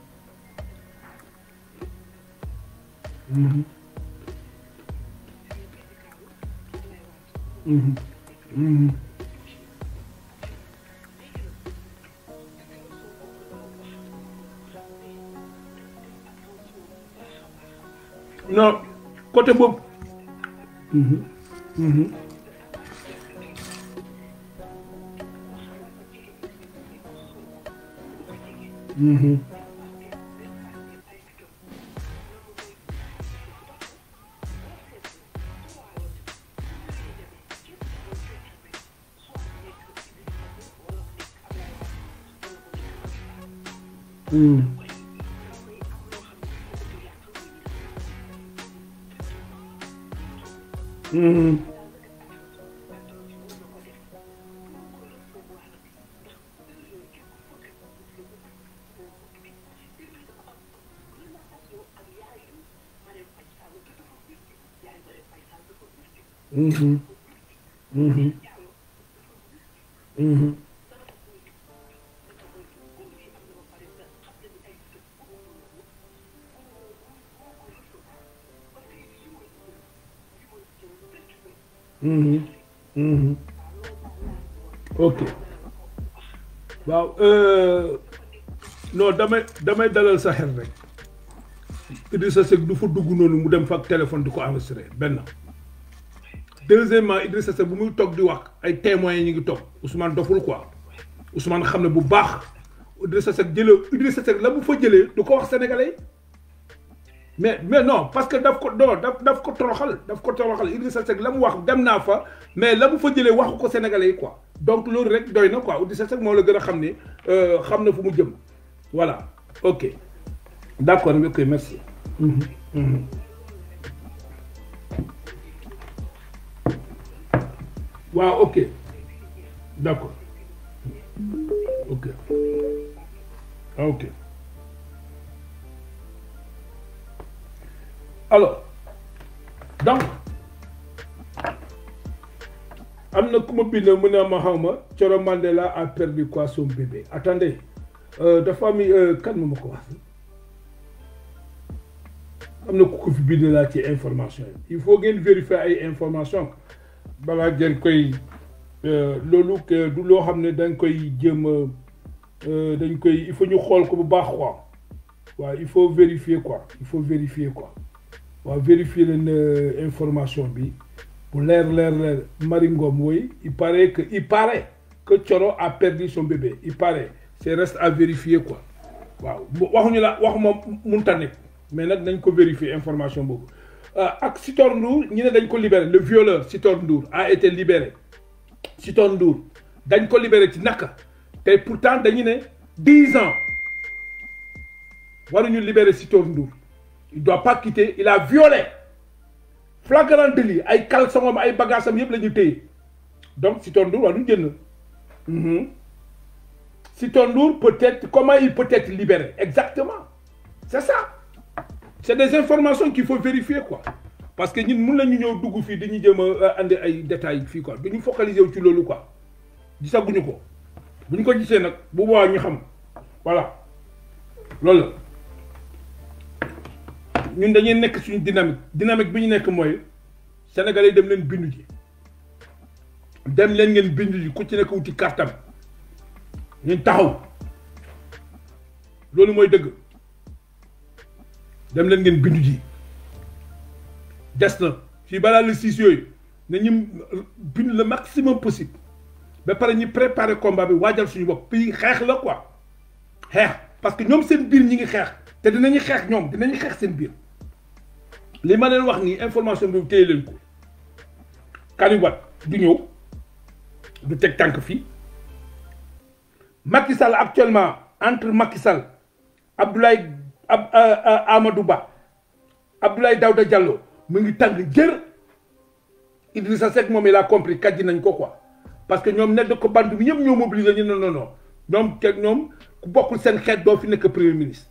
Mm-hmm. mm-hmm. Mm-hmm. Mm-hmm. non côté boobu. Mm -hmm. mm -hmm. Mm -hmm. Mm. Mm. Mm-hmm. Mm-hmm. mm-hmm. waaw euh, non damay damay dalal sa xel rek sa Seck du fa dugg noonu mu dem fa ak téléphone di ko enregistré benn deuxièmement sa Seck bu muy toog di wax ay témoins yi ñu ngi toog Ousmane doful quoi Ousmane xam ne bu baax Idrissa Seck jëlee Idrissa Seck la mu fa jëlee du ko wax sénégalais mais mais non parce que daf ko doo daf daf ko toroxal daf ko toroxal sa Seck la mu wax dem naa fa mais la mu fa jëlee waxu ko sénégalais yi quoi. donc le rek doyna quoi ou Seck ça mo le gëna a euh xamna xam fu jëm voilà ok d'accord mais ok merci. Mm-hmm. waaw ok d'accord ok ah, ok alors donc amna na ku ma bind mu ne ma xaw ma Mandela a perdu quoi son bébé attendez euh, dafa am euh, kan ma ma ko wax am ku ko fi bind la ci information il faut ngeen vérifier ay information bala ngeen koy euh loolu du loo xam ne dañ koy euh dañ koy il faut ñu xol ko bu baax quoi wa il faut vérifier quoi il faut vérifier quoi waaw vérifier leen euh, information bi pour l'air, l'air, l'air, il paraît que, il paraît que Choro a perdu son bébé. Il paraît. C'est reste à vérifier quoi. Waouh. Mais là, on peut vérifier l'information. Beaucoup. Ah, ak Sitor Ndour ñu ne dañ ko libéré le violeur Sitor Ndour a été libéré Sitor Ndour dañ ko libéré ci naka te pourtant dañu 10 ans waruñu libérer Sitor Ndour il doit pas quitter il a violé flagrant délit ay kalsongam ay bagage am yëpp la téye donc Sitor Ndour war duñ jënd mhm. ton Ndour peut-être comment il peut être libéré exactement c'est ça c'est des informations qu'il faut vérifier quoi parce que ñun mun nañu ñëw dugg fii dañuy jëm a euh, andi ay détails fii quoi dañu focaliser wu ci loolu quoi gisaguñu ko bu ñu ko gisee nag bu boobaa ñu xam voilà loolu nous dañuy nekk suñu dynamique dynamique bi ñu nekk mooy sénégalais dem leen bindu dem leen ngeen bindu ku ci nekk taxaw dëgg dem ngeen le six le maximum possible ba pare ñu préparer combat bi waajal suñu la quoi parce que nous, seen ñi ngi te dinañu xex ñom dinañu xex seen biir li ma leen wax ni information bi téye leen ko Karim Wade du ñëw du teg tànk fii Macky Sall actuellement entre Macky Sall Abdoulaye ab euh, euh, Amadou Ba Abdoulaye Daouda Diallo mu ngi tang jër Idrissa Seck moom il a compris kàjji nañ ko quoi parce que ñoom nekk ko bandu bi ñëpp ñoo mobiliser ñu non non ñoom teg ñom ku bokul seen xeet do fi nek premier ministre.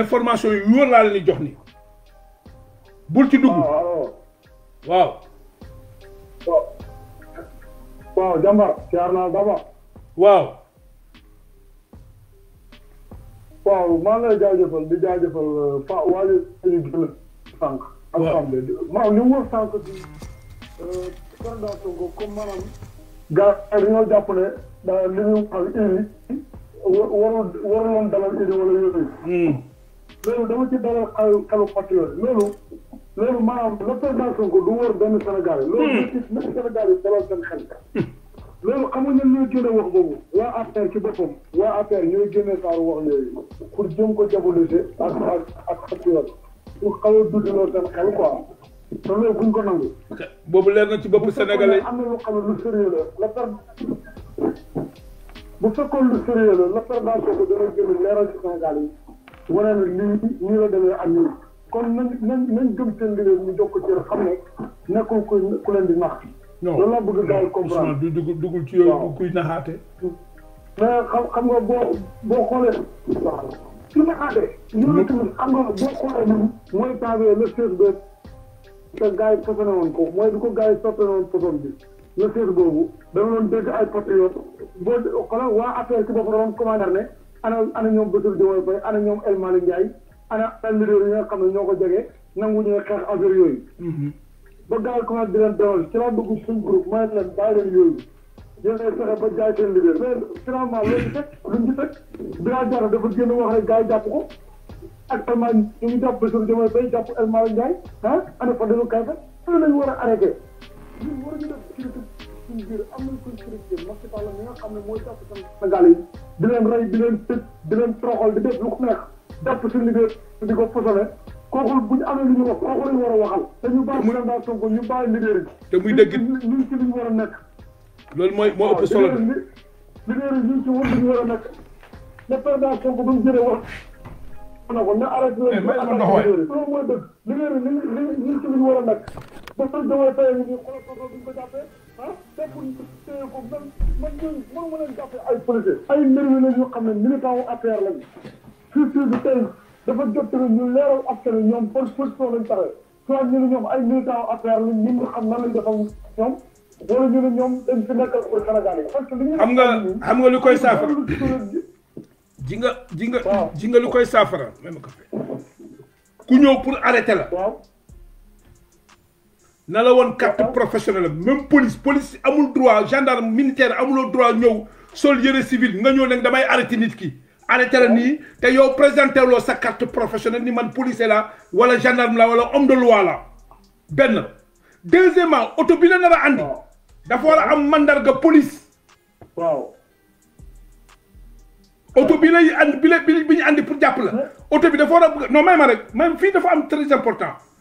information yu wóor laa jox ni bul ci dugg. Ah, ah. waaw. waaw jàmbar siyaar naa baba waaw. waaw maa ngi lay jaajëfal di jaajëfal euh, Pa waa ji ñu gën a sànq. li mu war sànq ci euh, président Sonko comme maanaam. gars yi dañoo jàpp ne daal li ñu xam Idy warul loolu dama ci dalal xalu xalu loolu loolu maanaam le président ko du wër benn Sénégal loolu hmm. na Sénégal yi dalal seen xel loolu xam nga ñoo génne wax boobu waa APR ci boppam waa APR ñooy génne saaru wax yooyu pour jëm ko diaboliser ak ak ak patriote pour xaw a dundaloo xel quoi te loolu ko nangu boobu leer na ci bopp Sénégalais am na lu xam lu sérieux la la per bu fekkoon lu sérieux la la président Sonko dana génne ci Sénégal wane na lii nii la demee ak ñun kon nañ nañ nañ gëm seen liggéey ñu jox ko ci xam ne nekkul ku leen di nax. loolu laa bëgg daal comprendre du dugg duggul ci yow kuy naxaate. mais xam xam nga boo boo xoolee. waaw su naxaatee. ñooñu tamit xam nga boo xoolee ñun. mooy temps bi le yi posone woon ko mooy du ko gars yi boobu da nga doon ay portes yoo boo xoolal waa affaire ci boppam doon commandeur ne. ana ana ñoom Bassirou Diomaye Faye ana ñoom El Malick Ndiaye ana ana leader yi nga xam ñoo ko jege nangu ñu xeex affaire yooyu. Mm-hmm. ba gars yi commencé di ci laa bëgg suñ groupe may leen bàyyi leen yooyu yéen ay fexe ba jaay seen leader mais finalement loolu fekk luñ ci fekk Birame Diatta dafa génn wax rek gars yi jàpp ko ak El Malick ñu ngi jàpp Bassirou Diomaye Faye jàpp El Malick Ndiaye ah ana Fadilou war a arrêté. suñu biir am nañ koy ne mooy jàpp seen Sénégal yi di leen rey di leen tëj di lu ko neex jàpp di ko façonné kooku bu ñu amee lu ñu wax kooku lañ war a waxal dañu bàyyi Sénégal Sonko ñu bàyyi liggéey te muy dëgg ñun li ñu war a nekk loolu mooy moo ëpp solo bi bi ñun ci woon li ñu war a nekk le président Sonko ba mu jëlee wax na ko na arrêté loolu mooy dëgg liggéey bi ñun ci li ñu war a ba sëñ Diomaye Faye ñu xool fekkul téye ko man man man mën a jàppe ay projet ay nervi la ne militant wu APR lañ surtout bi tey dafa jot tamit ñu leeral askan wi ñoom ban position lañ taxee soit ñu ne ñoom ay militant wu APR li ñu xam nga xam nga lu ji nga ji nga ji nga ko ku ñëw pour arrêter la waaw na la carte professionnelle même police police amul droit gendarme militaire amul droit ñew sol civil nga ñëw nak damay arrêté nit ki arrêté la nii te yow présenté sa carte professionnelle ni man police la wala gendarme la wala homme de loi la Ben, deuxièmement auto bi la nar andi dafa war am mandarga police waaw auto bi lay andi bi la andi pour japp la auto bi dafa non même, rek même dafa am très important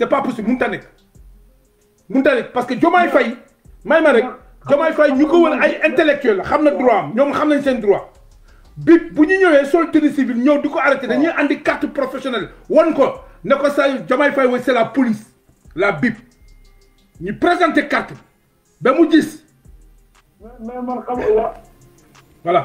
c'est pas possible muntanek a parce que Diomaye fay may ma rek Diomaye fay ñu ko wone ay intellectuel la droit ñom sen droit bi bu ñu dañuy andi carte professionnelle won ko ne c'est la police la BIP ñu présenter carte ba mu voilà.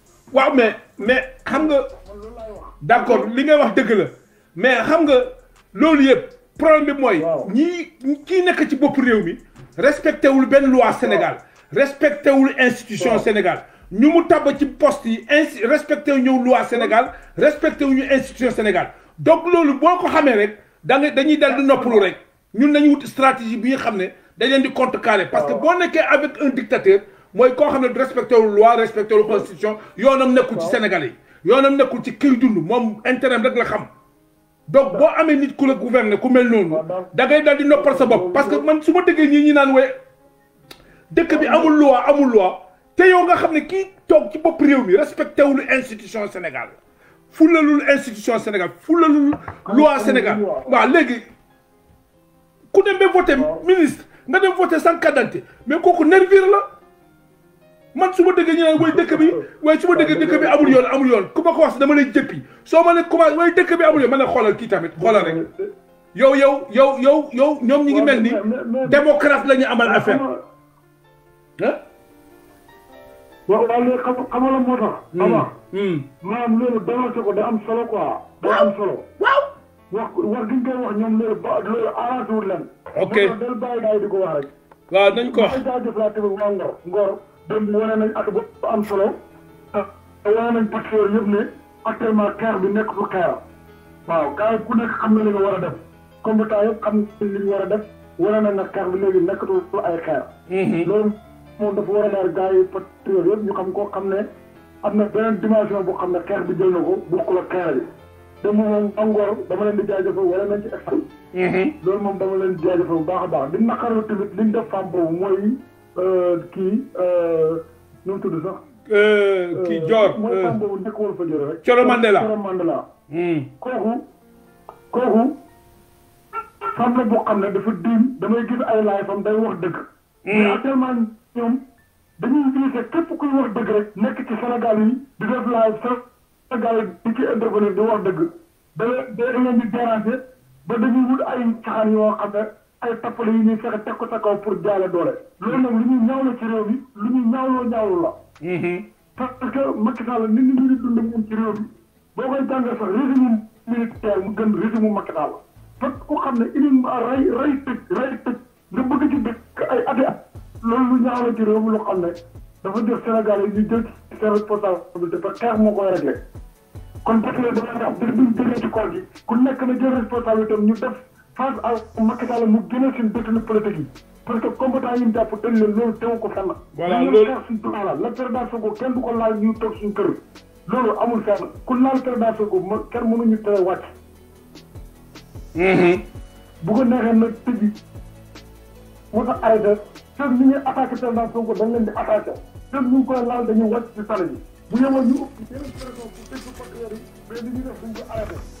waaw mais mais xam nga d'accord li nga wax dëgg la mais xam nga loolu yëpp problème bi mooy. ñii kii nekk ci bopp réew mi. respecté wul benn loi Sénégal. respecté wul institution Sénégal. ñu mu tabb ci poste yi insi respecté wu ñu loi Sénégal respecté wu ñu institution Sénégal donc loolu boo ko xamee rek da nga dañuy dal di noppalu rek ñun nañu wut stratégie bi nga xam ne dañ leen di contrecarrer. parce que boo nekkee avec un dictateur moy ko xamne ne respecté wu loi respecté constitution yonam ci yonam ci dund intérêt rek la donc bo amé nit ku gouverner ku mel da di parce que man suma ñi naan dëkk bi amul loi amul loi qui yow nga xamne ne tok ci institution Sénégal institution Sénégal ah, loi Sénégal ku dem ministre nga dem voter sans mais mais vous nervir la man su ma dëggee ñu naan way dëkk bi way su ma dëggee dëkk bi amul yoon amul yoon ku ma ko wax dama lay jëppi soo ma ne commencé way dëkk bi amul yoon man la xoolal kii tamit xoolal rek yow yow yow yow yow ñoom ñi ngi mel ni démocrate la ñu amal affaire ah. waaw waaw léegi xam xamal la moo tax. Hmm, xamal. Hmm. maanaam loolu am solo quoi. da am solo. waaw. wax wax wax ñoom loolu ba loolu ko wax rek. waaw nañ dem wane nañ at bu am solo te wane nañ patriote yëpp ne actuellement xeex bi nekk fu xeex waaw gars yi ku nekk xam na li nga war a def combattant yëpp xam li ñu war a def wane nañ ne xeex bi léegi nekkatul ay xeex. Mhm. loolu moom dafa war a leer gars yi patriote yëpp ñu xam ko xam ne am na beneen dimension bu xam ne xeex bi jël na ko bokkul ak xeex bi. te moom encore dama leen di jaajëfal wala nañ ci extra. Mhm. loolu moom dama leen di jaajëfal bu baax a baax di naqaru tamit liñ def femme boobu mooy. Euh, kii euh, nu mu tudd sax. Euh, kii Dior. mooy femme boobu nekk woon fa Dior rek. Mandela Coro Mandela. Hmm. kooku kooku femme la boo xam ne dafa diim damay gis ay laay fam day wax dëgg. Hmm. mais actuellement ñoom képp kuy wax dëgg rek. nekk ci Sénégal yi di def laay Sénégal yi di ci intervenir di wax dëgg. da da leen di ba dañuy wut ay caaxaan yoo xam ne. ay tappale yu ñuy fexe teg ko sa kaw pour la doole. loolu nag lu ñuy ñaawloo ci réew mi lu ñuy ñaawloo ñaawlu la. Mm-hmm. parce que Macky la nit ñi ñu dund moom ci réew mi boo koy jàngee mu gën régime Macky Sall parce que ku xam ne il ray ray tëj bëgg ci dëkk ay ati loolu lu ñaawloo ci réew mi lu xam ne dafa def Sénégal yi ñu jël ci seen responsabilité parce que xeex moo koy réglé kon dëkk la dafa tax dëkk bi ñu jëlee ci koor gi ku nekk na jël responsabilité ñu def. faas a Macky Sall mu génne suñu dëkk nu politique yi parce que combattant yi ñu jàpp dañ leen loolu teewu ko fenn. voilà loolu dañoo suñu droit la la terre d'Assogou kenn du ko laal ñu toog suñ kër loolu amul fenn ku laal terre d'Assogou ma kenn mënuñu tere wàcc. bu ko neexee nag tëj mu sa arrêté fépp ñu ngi attaqué terre d'Assogou dañ leen di attaqué fépp ñu ngi koy laal dañuy wàcc ci sale yi bu yemoon ñu ëpp yeneen pression pour tëj ko patriote yi mais li ñuy def dañ ko arrêté.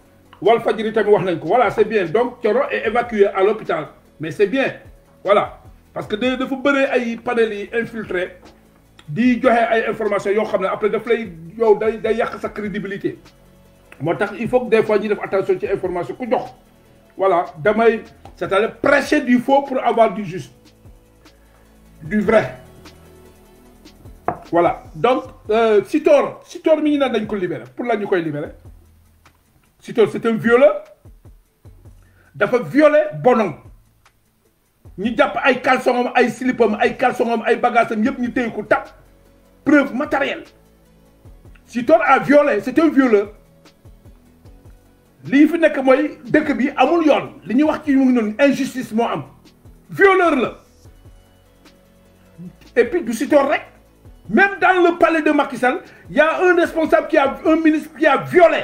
voilà c'est bien donc Thioro est évacué à l'hôpital mais c'est bien voilà parce que de dafa bëree ay panel infiltré di ay information après il y yow sa crédibilité il faut que des fois il attention ci ces informations. voilà damay c'est aller à dire prêcher du faux pour avoir du juste du vrai voilà donc si euh, Sitor Sitor mi ngi naan ko libéré pour la libérer. koy Siteu c'est un violeur dafa violer violé Ni jàpp ay caleçonam ay silipam ay caleçonam ay bagaasam yëpp ni téye tap preuve matérielle tu a violé c'est un violeur Li fi nek moy dëkk bi amul yoon li ni wax ki injustice mo am violeur et puis du Siteu rek même dans le palais de Macky Sall y a un responsable qui a un ministre qui a violé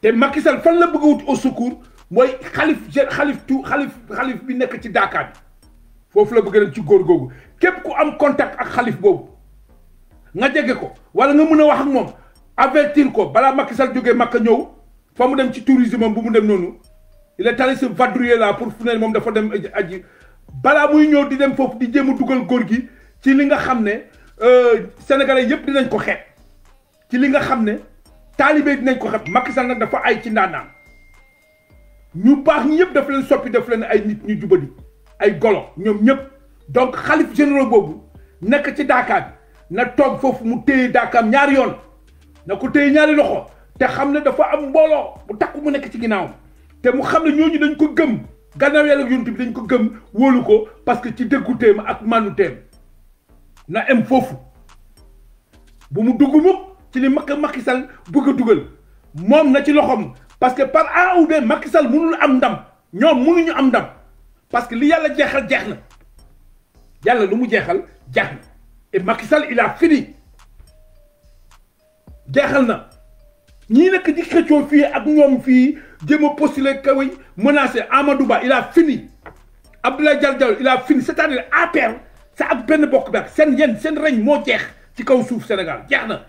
te Macky fan la bëgg wut au secours mooy xalif xalif tu xalif xalif bi nekk ci Dakar foofu la bëgg dem ci góor googu képp ku am contact ak xalif boobu nga jege ko wala nga mën a wax ak moom avertir ko balaa Macky Sall jógee Makka ñëw fa mu dem ci tourisme am bu mu dem noonu il est allé se vadrouiller pour fu ne moom dafa dem aji balaa muy ñëw di dem foofu di jéem a dugal góor gi ci li nga xam ne euh, sénégalais yépp dinañ ko xeet ci li nga xam ne. taalibe dinañ ko xam Macky Sall nag dafa ay ci ndaanaan ñu baax ñi yëpp dafa leen soppi daf leen ay nit ñu jubali ay golo ñoom ñëpp donc xalif général boobu nekk ci daakaam na toog foofu mu téye daakaam ñaari yoon na ku téye ñaari loxo te xam ne dafa am mbooloo bu takku mu nekk ci ginnaawam te mu xam ne ñooñu dañ ko gëm gannaaw yàlla ak yonent bi dañ ko gëm wóolu ko parce que ci dëggu téem ak manu téem na em foofu bu mu dugg mukk ci li Macky Macky Sall bëgg a dugal moom na ci loxom parce que par A ou B Macky Sall mënul am ndam ñoom mënuñu am ndam parce que li yàlla jeexal jeex na yàlla lu mu jeexal jeex na et Macky Sall il a fini jeexal na ñii nekk di xëccoo fii ak ñoom fii jéem a postuler kawe menacé Amadou Ba il a fini Abdoulaye Diallo Diallo il a fini c'est-à-dire APR sa ak benn bokk bi ak seen yenn seen reñ moo jeex ci kaw suuf Sénégal jeex na.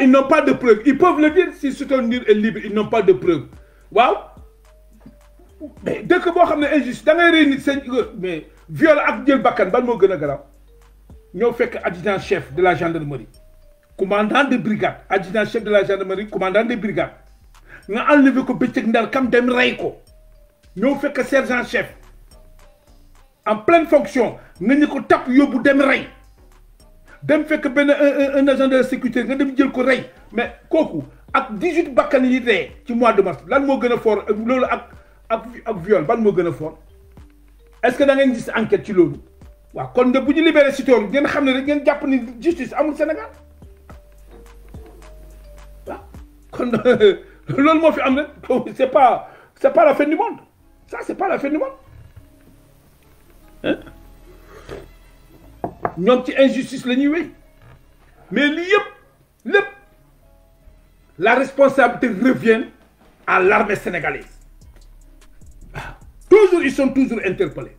ils n'ont pas de preuves. ils peuvent le dire si soutenir est libre ils n'ont pas de preuves waouh mais dès que vous avez injuste da ngay mais viol ak jël bakkan ban moo gën a Nous fait adjudant chef de la gendarmerie commandant de brigade adjudant chef de la gendarmerie commandant de brigade nous avons ko dans le kam dem sergent chef en pleine fonction nga avons ko tap bout dem dem fekk benn un agent de la sécurité nga dem jël ko rey mais kooku ak 18 bakkan yi dee ci mois de mars lan moo gën a fort loolu ak ak ak viol ban moo gën a fort est-ce que da ngeen gis enquête ci loolu waaw kon de bu ñu libéré Sitor ngeen xam ne rek ngeen jàpp ni justice amul Sénégal waaw kon <laughs> loolu moo fi am rek <laughs> c'est pas c'est pas la fin du monde ça c'est pas la fin du monde hein ñom ci injustice la ñuy wéy mais li yépp lépp la responsabilité revient à l'armée sénégalaise toujours ils sont toujours interpellés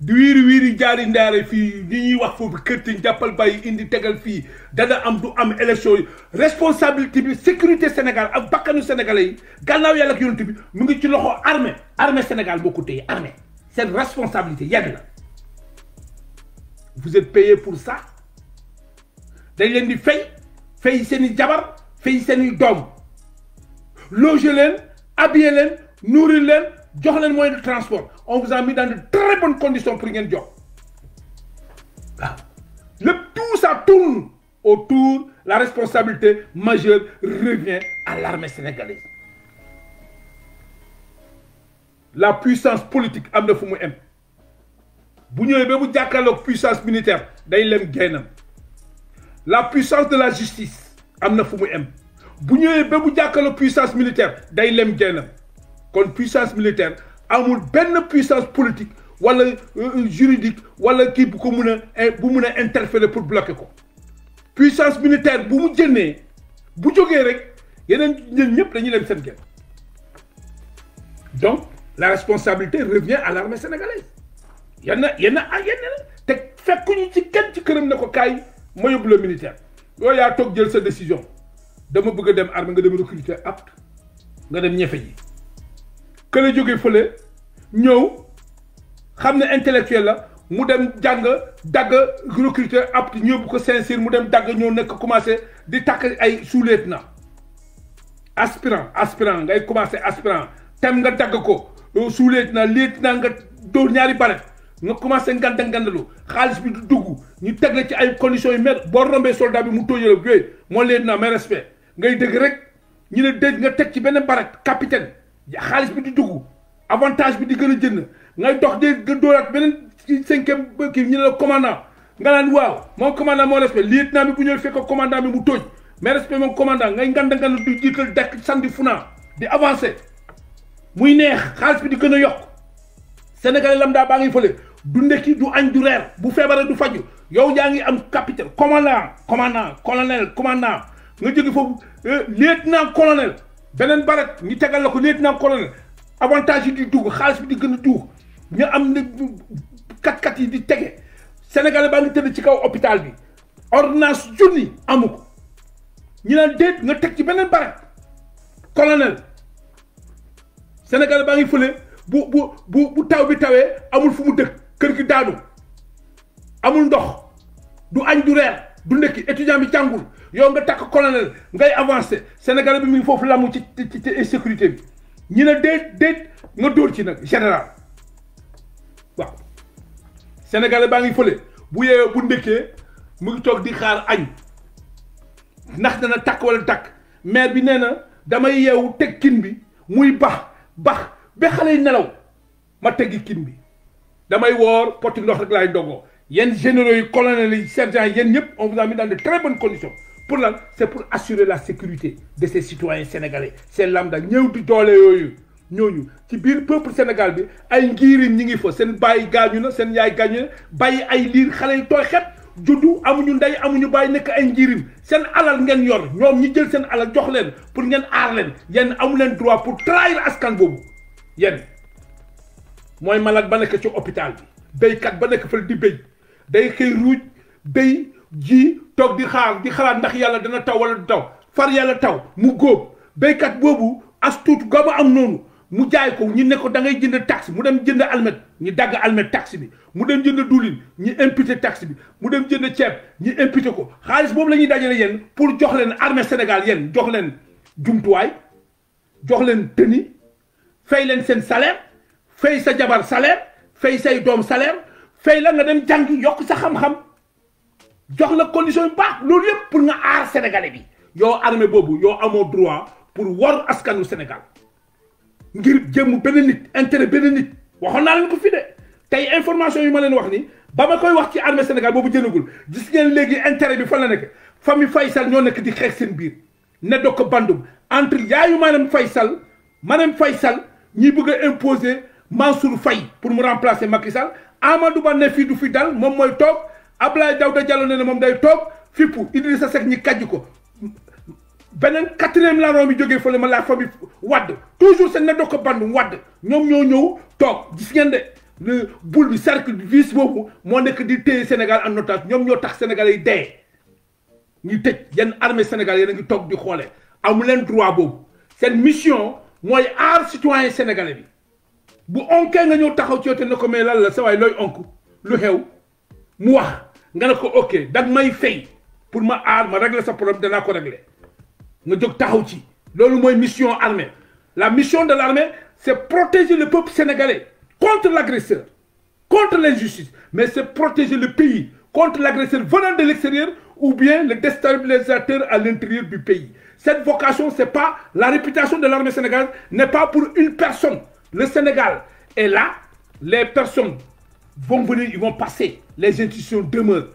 du wiiri wiiri jaari ndaare fi li ñuy wax foofu kërtiñ jàppal bay indi tegal fi dana am du am élection responsabilité bi sécurité Sénégal ak bakkanu sénégalais yi gànnaaw yàlla ak yonent bi mu ngi ci loxo armée armée Sénégal boo ko armée cette responsabilité yàgg la vous êtes payé pour ça Vous avez di fay fay seen i jabar fay loger leen habiller leen nourrir les jox leen moyen de transport on vous a mis dans de très bonnes conditions pour ngeen jox ah. Le tout ça tourne autour la responsabilité majeure revient à l'armée sénégalaise la puissance politique Amdefoumou M bu ñëwee ba mu jàkkaarloog puissance militaire day lem gaynam la puissance de la justice am na fu mu em bu ñëwee ba mu jàkkaarloog puissance militaire day lem gaynam kon puissance militaire amul benn puissance politique wala euh, euh, juridique wala qui bu ko mun eh, bu interférer pour bloquer ko puissance militaire bu mu jënnee bu jógee rek yeneen ñun ñëpp dañuy dem seen guerre donc la responsabilité revient à l'armée sénégalaise yenn yenn ak ah, yenn te fekkuñu ci kenn ci këram ne ko kaay ma yóbbu la militaire yooyu yaa toog jël sa décision dama bëgg a dem armée nga dem recruter apt nga dem ñefe ji kële jóge fële ñëw xam ne intellectuel la mu dem jàng dagg recruter apte ñëw bu ko sincère mu dem dagg ñëw nekk commencé di takk ay sous na aspirant aspirant ngay commencé aspirant tem nga dagg ko sous-lieutenant lieutenant nga dóor ñaari baret nga commencé ngandal ngandalu xaalis bi du dugg ñu teg la ci ay conditions yu mel bo rombé soldat bi mu tóojale yooyu mo leen na mais respect ngay dégg rek ñu ne dégg nga teg ci benn barak capitaine xaalis bi du dugg avantage bi di gëna jënd ngay dox de nga dóoraat 5e ki ñu ne la commandant nga lan waaw mo commandant mo respect lieutenant bi bu ñëw fekk commandant bi mu toj mais respect mo commandant ngay nganda ngand du jiital dekk sandi funa di avancer muy neex xaalis bi di gëna a sénégalais lam daa baa ngi du ndekki du añ du reer bu feebaree du faju yow yaa am capitaine commandant commandant colonel commandant nga jóge foofu euh, lieutenant colonel benen baret ñu tégal lako lieutenant colonel avantage du di xaliss bi di gëna a dugg ñu am ne kat-kat yi di tégué sénégalais ba nga tëdd ci kaw hôpital bi ordonnance jouni amu ko ñu naan déet nga teg ci benen baret colonel sénégalais ba ngi fële bu bu bu taw bi tawé amul fu mu dëkk kër gi daanu amul ndox du añ du reer du ndekki étudiant bi jàngul yow nga takk colonel ngay avancé Sénégal bi mu ngi foofu lamu ci ci ci insécurité bi ñu ne déet déet ma dóor ci nag général waaw Sénégal baa ngi fële bu yeewee bu ndékkee mu ngi toog di xaar añ ndax dana takk wala takk maire bi nee na damay yeewu teg kin bi muy bax bax ba xale yi nelaw ma teggi kin bi damay woor poti ndox rek laay dogoo yenn généraux yi colonel yi sergents yi yéen ñëpp on vous a mis dans de très bonnes conditions pour lan c'est pour assurer la sécurité de ces citoyens sénégalais c'est lambda ñëw di doole yoyu ñooñu ci biir peuple Sénégal bi ay ngir ñi ngi fa seen bàyyi gaañu na seen yaay gaañu na ay liir xalé yu tooy xet juddu amuñu nday amuñu bàyyi nek ay ngiirim seen alal ngeen yor ñoom ñi jël seen alal jox leen pour ngeen aar leen yéen amu leen droit pour trahir askan boobu yéen mooy malaat ba nekk ci hôpital bi béykat ba nekk fële di béy day xëy ruuj béy ji toog di xaar di xalaat ndax yàlla dana taw wala du taw far yàlla taw mu góob béykat boobu as tuut ga am noonu mu jaay ko ñu ne ko da ngay jënd taxe mu dem jënd almet ñu dagg almet taxe bi mu dem jënd duulin ñi imputé taxe bi mu dem jënd ceeb ñu imputé ko xaalis boobu la ñuy dajale yéen pour jox leen armée Sénégal yéen jox leen jumtuwaay jox leen tenue fay leen seen salaire. fay sa jabar salaire fay say doom salaire fay la nga dem jàngi yokk sa xam-xam jox la condition yu baax loolu yëpp pour nga aar sénégalais bi armée boobu yow amoo droit pour wor askanu Sénégal ngir jëmm benn nit intérêt benn nit waxoon naa leen ko fi de tey information yu ma leen wax ni ba ma koy wax ci armée Sénégal boobu jënagul gis ngeen léegi intérêt bi fan la nekk famille Faisal ñoo nekk di xeex seen biir ne doo ko bandum entre yaayu maanaam Faysal maanaam Faysal ñi bëgg a imposer Mansour Faye pour me remplacer Macky Sall Amadou Ba ne fi du fi dal mom moy tok Abdoulaye Daouda Diallo ne mom day tok fippu Idrissa Seck ñi kàjj ko beneen quatrième larron bi jógee fële ma la fami wad toujours c'est na doko band wad ñom ñoo ñew tok gis ngeen de le boule bi cercle bi vis boobu moo nekk di téye Sénégal en otage ñom ñoo tax Sénégalais yi dee ñu tëj yenn armée Sénégal yéen ngi tok di xolé amu leen droit boobu seen mission moy aar citoyen sénégalais bi bu onké nga ñëw taxaw ci yow te ne mais la sa onk lu xew wax nga dag pour ma je ma régler sa problème danaa ko régler nga jog taxaw ci mission armée la mission de l'armée c'est protéger le peuple sénégalais contre l'agresseur contre l'injustice mais c'est protéger le pays contre l'agresseur venant de l'extérieur ou bien le déstabilisateur à l'intérieur du pays cette vocation c'est pas la réputation de l'armée sénégalaise n'est pas pour une personne le Sénégal est là, les personnes vont venir, ils vont passer, les institutions demeurent.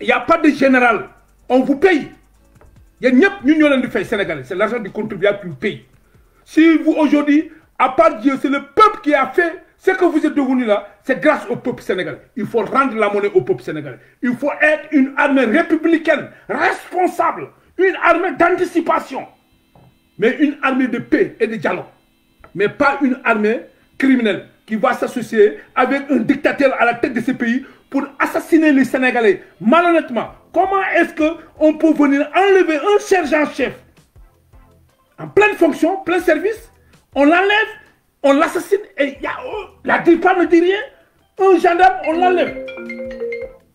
Il n'y a pas de général, on vous paye. Il y a une de fait Sénégal, c'est l'argent du contribuable qui vous paye. Si vous aujourd'hui, à part Dieu, c'est le peuple qui a fait ce que vous êtes devenu là, c'est grâce au peuple sénégalais. Il faut rendre la monnaie au peuple sénégalais. Il faut être une armée républicaine, responsable, une armée d'anticipation, mais une armée de paix et de dialogue mais pas une armée criminelle qui va s'associer avec un dictateur à la tête de ce pays pour assassiner les Sénégalais. Malhonnêtement, comment est-ce qu'on peut venir enlever un sergent-chef en pleine fonction, plein service, on l'enlève, on l'assassine et oh, la DIPA ne dit rien. Un gendarme, on l'enlève.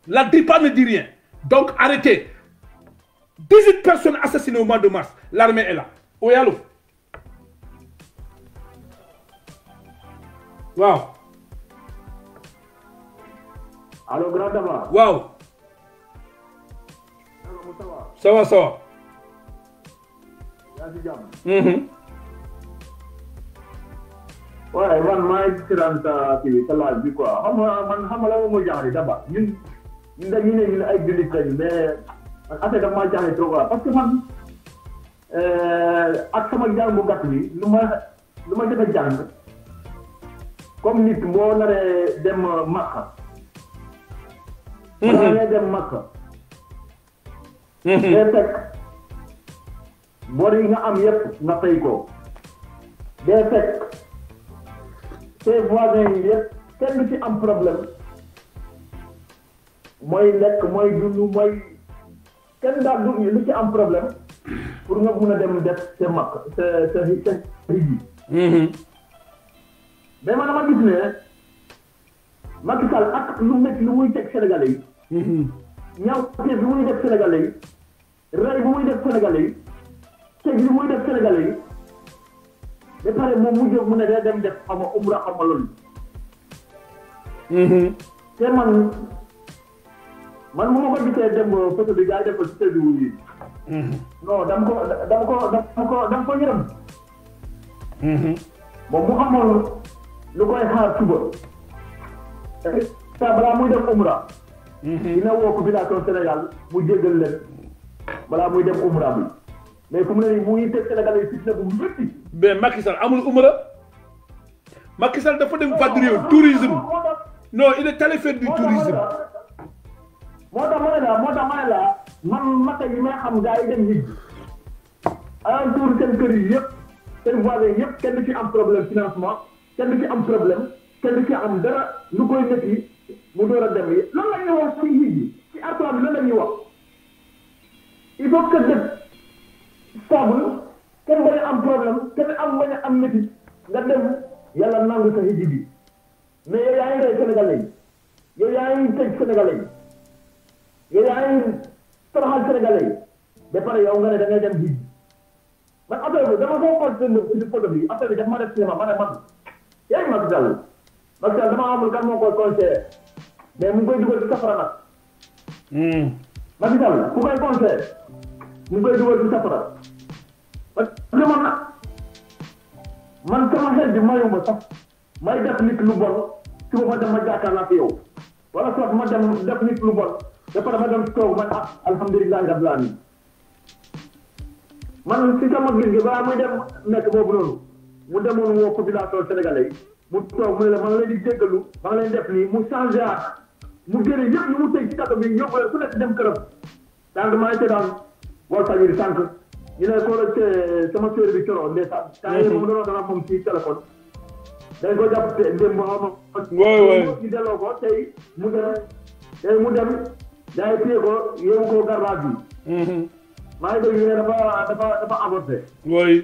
La DIPA ne dit rien. Donc arrêtez. 18 personnes assassinées au mois de mars. L'armée est là. Oyalo. waaw. allo grand Daba. waaw. ça va ça va. yaa ngi si mm-hmm. man maa ngi tirant ci sa laaj bi quoi xam nga man xam nga la moom moo jaaxle Daba ñun ñun dañu ay jullit lañu mais man affaire dafa maa jaaxle trop quoi parce que man euh, ak sama jàng bu gàtt bi lu ma lu comme nit boo naree dem Makka. boo mhm. mhm. nga am yëpp nga fay ko. day fekk ses voisins yi kenn du ci am problème mooy lekk mooy dund mooy kenn daal lu ci am problèm pour nga mun a dem def sa Makka sa sa sa mais man dama gis ne Macky Sall ak lu métti lu muy teg Sénégalais yi. Mhm. ñaaw bi muy def Sénégalais yi. rey bi muy def Sénégalais yi. teg li muy def Sénégalais yi. ba pare moom mu jóg mu ne dem def xama umra xama loolu. Mhm. te man man mu ma ko gisee dem photo bi gars yi def ko ci tëdd yi. Mhm. non dama ko dama ko dama ko dama ko yërëm. moom mu xamoon. lu koy xaar suba. muy def umra. Mhm. dina woo population Sénégal mu jéggal leen balaa muy dem umra bi mais fu mu ne nii mu ngi teg Sénégal yi fitna bu mais Macky Sall amul umra Macky Sall dafa dem fàttali tourisme non il est allé faire du tourisme. moo tax ma la moo la man yi may xam gars dem nit alentour seen kër yi yëpp seen voisin kenn ci am problème financement. kenn du ci am problème kenn du ci am dara lu koy métti mu door dem yi lan la ñuy wax ci yii yi ci alxuraan bi lan la ñuy wax il faut que dëkk stable kenn bañ am problème kenn am bañ a am métti nga dem yàlla nangu sa hijji bi mais yow yaa ngi rey Sénégalais yi yow yaa ngi tëj Sénégalais yi yow yaa ngi yi ba pare yow nga ne da ngay dem hijji man affaire bi dama ko xool seen bi affaire bi def ma def cinéma ma ne man yaa ngi Macky Sall Macky Sall damaa amul moo koy conseillé mais mu ngi koy dugal ci safara nag. Hmm. Macky Sall ku koy conseillé mu ngi koy dugal ci safara parce man sama xel bi mayuma may def nit lu bon su ma fa ma jàkkaarloo ak yow wala soit ma dem def nit lu bon ba pare ma dem toog man ah alhamdulilah rabbil alamin man si sama gis gi balaa muy dem nekk boobu noonu. mu demoon woo population sénégalais yi mu toog mu ne la maa ngi leen di jéggalu maa ngi leen def mu changé at mu génne yëpp lu mu tëj ci kàddu bi yóbbu leen ku maa ngi daan wol fajiri sànq ñu ne ko la eh, sama séeréer coro ndeysaan. temps yii moom doon dana moom ci téléphone. dañ ko jàpp te démb ba xam nga. waay waay ñu delloo ko tey mu dem tey mu dem day téye ko yóbbu ko garab bi. Mhm. maa ngi dégg ñu ne dafa dafa dafa avorté. waay.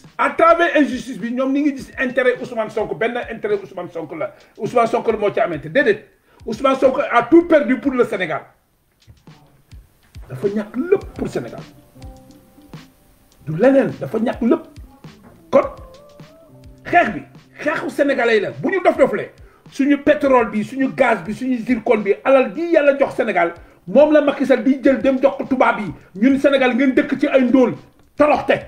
à travers injustice bi avons dit ngi intérêt Ousmane Sonko intérêt Ousmane Sonko Ousmane Sonko Ousmane Sonko a tout perdu pour le Sénégal dafa tout perdu pour le Sénégal du n'y dafa ñàkk lépp kon quoi bi le sénégalais la pétrole bi gaz le suñu zircon bi alal ji yàlla jox Sénégal moom la c'est di jël dem jox ko tubaab yi le Sénégal ngeen dëkk ci le Sénégal.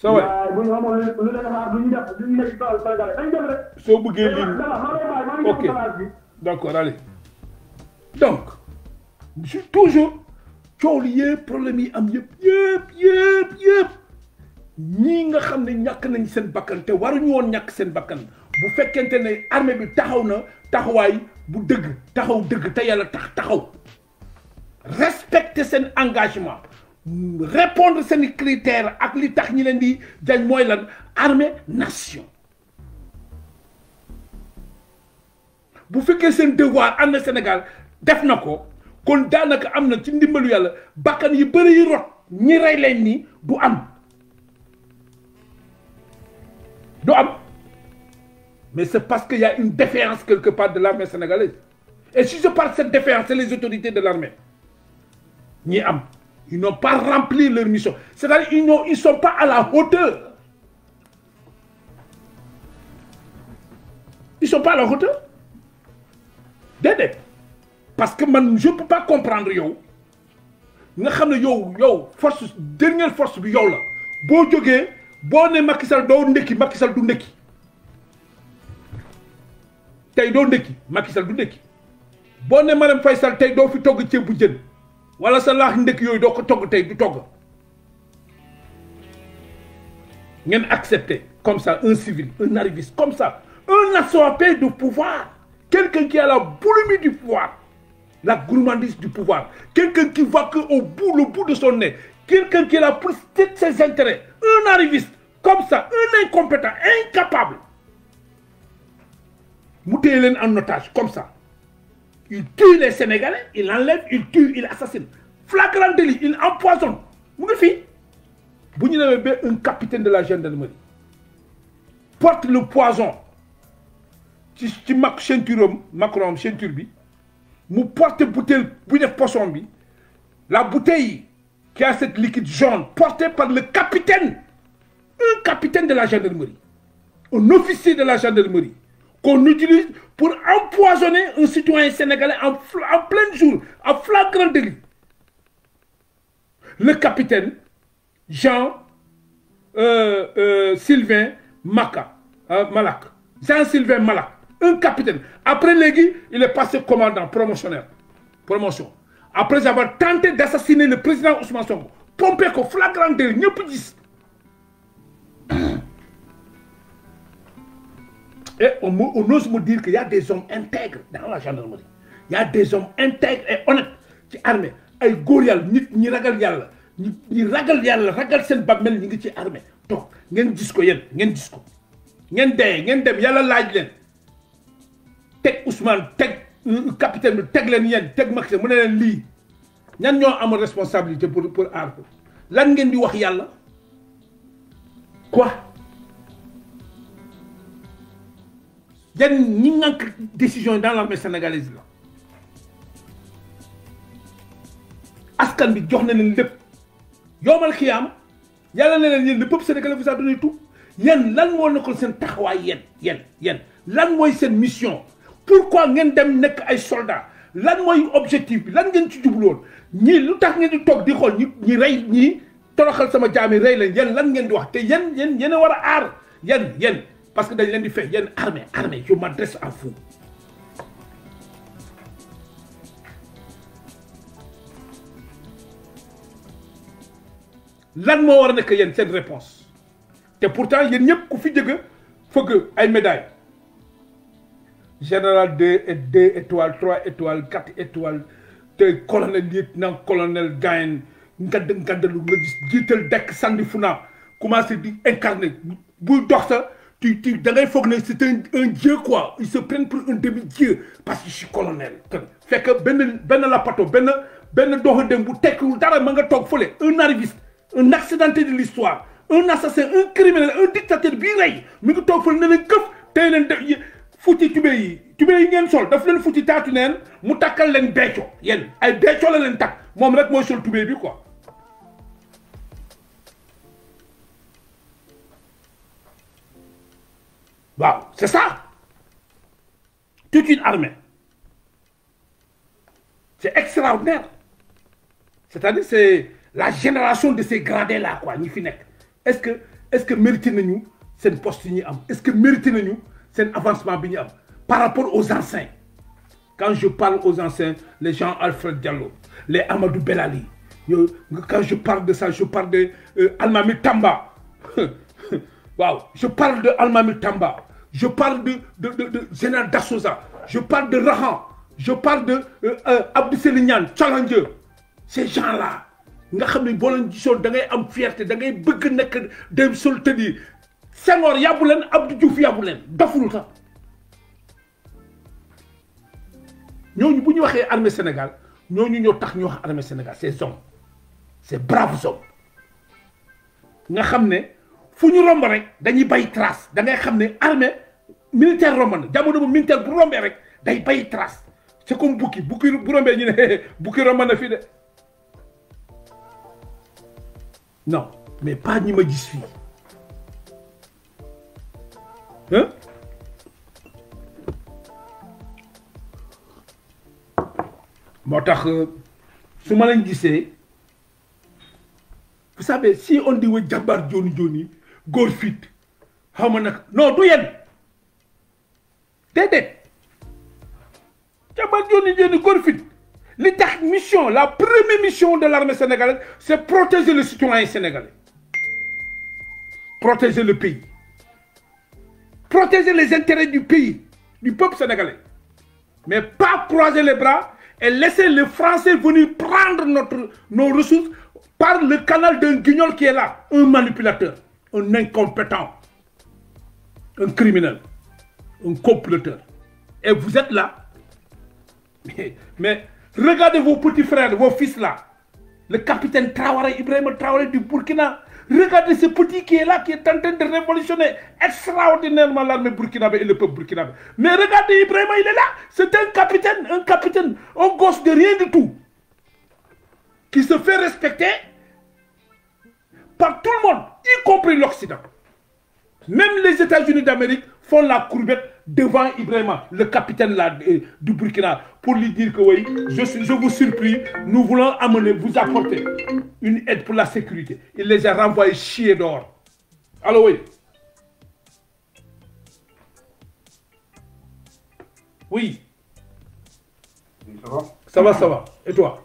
soo waay soo bëggee lim ok d'accord allez donc toujours coow li yëpp problème yi am yëpp yëpp yëpp yëpp ñii nga xam ne ñàkk nañ seen bakkan te waruñu woon ñàkk seen bakkan bu fekkente ne armée bi taxaw na taxawaay bu dëgg taxaw dëgg te yàlla tax taxaw respecter seen engagement répondre à critères ak li tax ñi leen di jañ mooy lan armée nation bu faites seen devoir en Sénégal def avez ko kon daanaka am na ci ndimbalu yàlla bakkan yi bëri yi rot ñi rey leen du am du am mais c'est parce qu'il y a une différence quelque part de l'armée sénégalaise et si je parle de cette différence, c'est les autorités de l'armée ñi am ils n'ont pas rempli leur mission. C'est-à-dire qu'ils ne sont pas à la hauteur. Ils ne sont pas à la hauteur. Dédé. Parce que je ne peux pas comprendre. Yo. Nga xamne yow force dernière force bi yow la bo joggé bo né Macky Sall do ndeki Macky Sall du ndeki tay do ndeki Macky Sall du ndeki bo né tay do fi bu wala sa du togg ngeen accepter comme ça un civil un arriviste comme ça un assoapé de pouvoir quelqu'un qui a la boulimie du pouvoir la gourmandise du pouvoir quelqu'un qui voit que au bout le bout de son nez quelqu'un qui a la plus de ses intérêts un arriviste comme ça un incompétent incapable Mouté en otage comme ça il tue les Sénégalais, il enlève, il tue, il assassine. Flagrant délit, il empoisonne. Vous n'avez faites un capitaine de la gendarmerie porte le poison Tu suis mag ceinture Macron ceinture porte bouteille bu la bouteille qui a cette liquide jaune portée par le capitaine un capitaine de la gendarmerie un officier de la gendarmerie qu'on utilise pour empoisonner un citoyen sénégalais en, en plein jour, en flagrant délit. Le capitaine Jean euh, euh, Sylvain euh, Malak, Jean-Sylvain Malak, un capitaine. Après Légui, il est passé commandant promotionnaire. Promotion. Après avoir tenté d'assassiner le président Ousmane Sonko, Pompeko, flagrant délit, n'y a plus 10. Et on, ose me dire qu'il y a des hommes intègres dans la gendarmerie. Il y a des hommes intègres et honnêtes qui armés. ay gorial nit ni ragal yalla, ni ragal yalla, ragal ngi ci armée donc ngeen gis ko ngeen gis ko ngeen ngeen dem yalla laaj len. Tek Ousmane tek euh, capitaine bi teg leen ñan ñoo am responsabilité pour pour lan ngeen di wax quoi yan ñi ngànk décision dans l'armée sénégalaise là. askan bi jox na leen lépp yoomal xiyaam yàlla na leen yéen le peuple sénégalais vous a donné tout yéen lan moo nekkoon sen taxawaay yéen yéen yéen lan moy sen mission pourquoi ngeen dem nek ay soldats lan moy objectif bi lan ngeen ci jubloon ni lutax tax ngeen di tok di xol ni ñi rey ni toroxal sama jami yi rey leen yéen lan ngeen di wax te yéen yéen yéen wara ar a aar parce que dañ il di a armée armée je m'adresse à vous lan une a Et réponse Et pourtant yéen ñëpp ku fi Faut médaille. général 2 étoiles trois étoiles quatre étoiles colonel lieutenant colonel gain. incarner tu, tu, da ngay c'est un un dieu quoi ils se prennent pour un demi-dieu parce que je suis colonel. fait ben benn ben lapato ben, benn doxandéem bu tekkiwul dara ma nga toog un arriviste un accidenté de l'histoire un assassin un criminel un dictateur bii rey mi ngi toog fële ne leen këf tey leen def futti tubé yi tubé yi ngeen sol daf leen futti taatu neen mu takkal leen becco yéen ay becco la leen takk moom rek mooy sol bi quoi. Waouh, c'est ça toute une armée c'est extraordinaire c'est-à-dire c'est la génération de ces gradés là quoi n'y est-ce que est-ce que c'est nañu post poste est-ce que nous c'est un avancement bi par rapport aux anciens quand je parle aux anciens les gens Alfred Diallo les Amadou Belali quand je parle de ça je parle de euh, Almami Tamba <laughs> Waouh, je parle de Almami Tamba je parle de, de, de, de Général Dassouza, je parle de Rahan, je parle de euh, euh, Abdou Selignan, Challenger. Ces gens-là, nga xam ne boo leen gisoon da ngay am fierté da ngay des nekk dem sol tëddi Senghor yàbbu leen Abdou Diouf yàbbu leen daful sax ñooñu bu ñu armée Sénégal ñooñu ñoo tax ñu wax armée Sénégal ces hommes ces braves hommes nga xam fuñu ñu romb rek dañuy bay trace da ngay xam ne armée militaire romb na jamono bu militaire bu rombee rek day bay trace c'est comme bukki bukki bu rombee ñu ne <laughs> bukki romb na fii de non mais pas ñi ma gis fii hein moo tax euh, su ma lañ gisee vous savez si on dit wa jàmbaar jooni jooni Gorfit. Non, non du yéen déedéet une mission la première mission de l'armée sénégalaise c'est protéger le citoyen sénégalais protéger le pays protéger les intérêts du pays du peuple sénégalais mais pas croiser les bras et laisser les Français venir prendre notre, nos ressources par le canal d'un guignol qui est là, un manipulateur un incompétent, un criminel, un comploteur. Et vous êtes là. Mais, regardez vos petits frères, vos fils là. Le capitaine Traoré, Ibrahim Traoré du Burkina. Regardez ce petit qui est là, qui est en train de révolutionner extraordinairement l'armée burkinabé et le peuple burkinabé. Mais regardez Ibrahim, il est là. C'est un capitaine, un capitaine, un gosse de rien du tout. Qui se fait respecter par tout le monde y compris l'Occident. Même les États-Unis d'Amérique font la courbette devant Ibrahima, le capitaine euh, du Burkina, pour lui dire que oui, je, je vous surpris, nous voulons amener, vous apporter une aide pour la sécurité. Il les a renvoyés chier d'or. Allô, oui. Oui. Ça va Ça va, ça va. Et toi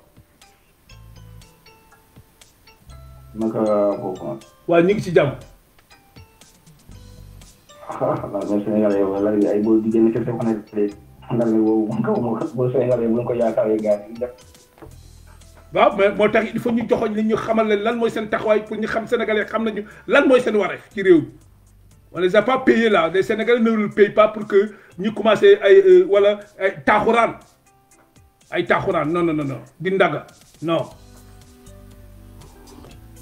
naka kooku. waaw ñu ngi ci jàmm. ah non non Sénégal yow la ay boo di jënd kese fan la de woowu moom kaw moo boo Sénégal yow bu ñu ko yaakaaree gars yi def. waaw mais moo tax il faut ñu joxoñ li ñu xamal leen lan mooy seen taxawaay pour ñu xam sénégalais xam nañu lan mooy seen wareef ci réew mi on les a pas payés là les sénégalais ne le payent pas pour que ñu commencé ay wala ay taaxuraan ay taaxuraan non non non non di ndaga non.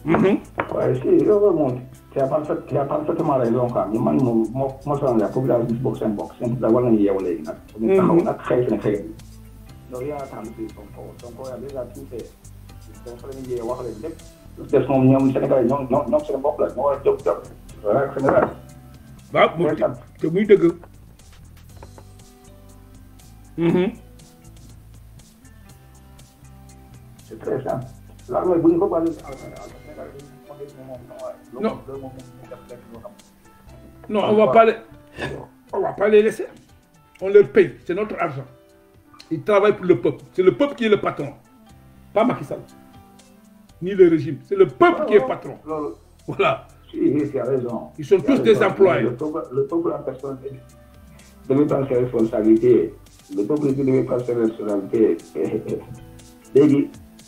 waaye si loolu moom tu as parfait tu as parfaitement raison quoi ñu man moo moo sonal la population bi bokk seen bokk seen war nañu yeewu léegi nag. ñu taxaw nag xëy na xëy na. loolu yaa tax si Sonko Sonko yaa déjà tout fait la ñuy yee wax leen lépp. des moom ñoom Sénégal ñoom ñoom ñoom seen bopp la ñoo war a jóg jóg. voilà non non on va pas on va pas les laisser on leur paye c'est notre argent ils travaillent pour le peuple c'est le peuple qui est le patron pas Macky ni le régime c'est le peuple qui est patron voilà ils sont tous des employés le peuple en personne devait prendre ses responsabilités le peuple qui devait pas ses responsabilités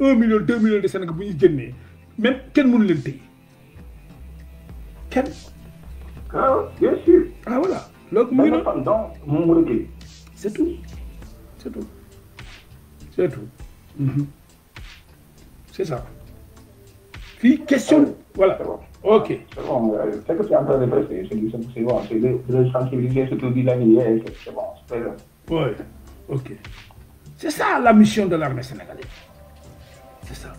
un million deux millions de sénégalais, bu ñu Mais même kenn mënu leen téye kenn. ah bien sûr. ah voilà donc mu ngi noonu moom c'est tout c'est tout c'est tout mhm. c'est ça. fii question. Ah voilà ok. Ah, c'est que euh, tu es en train de presser c'est bon c'est de sensibiliser surtout di la eh, c'est bon c'est bon. oui ok c'est ça la mission de l'armée sénégalaise. C'est ça.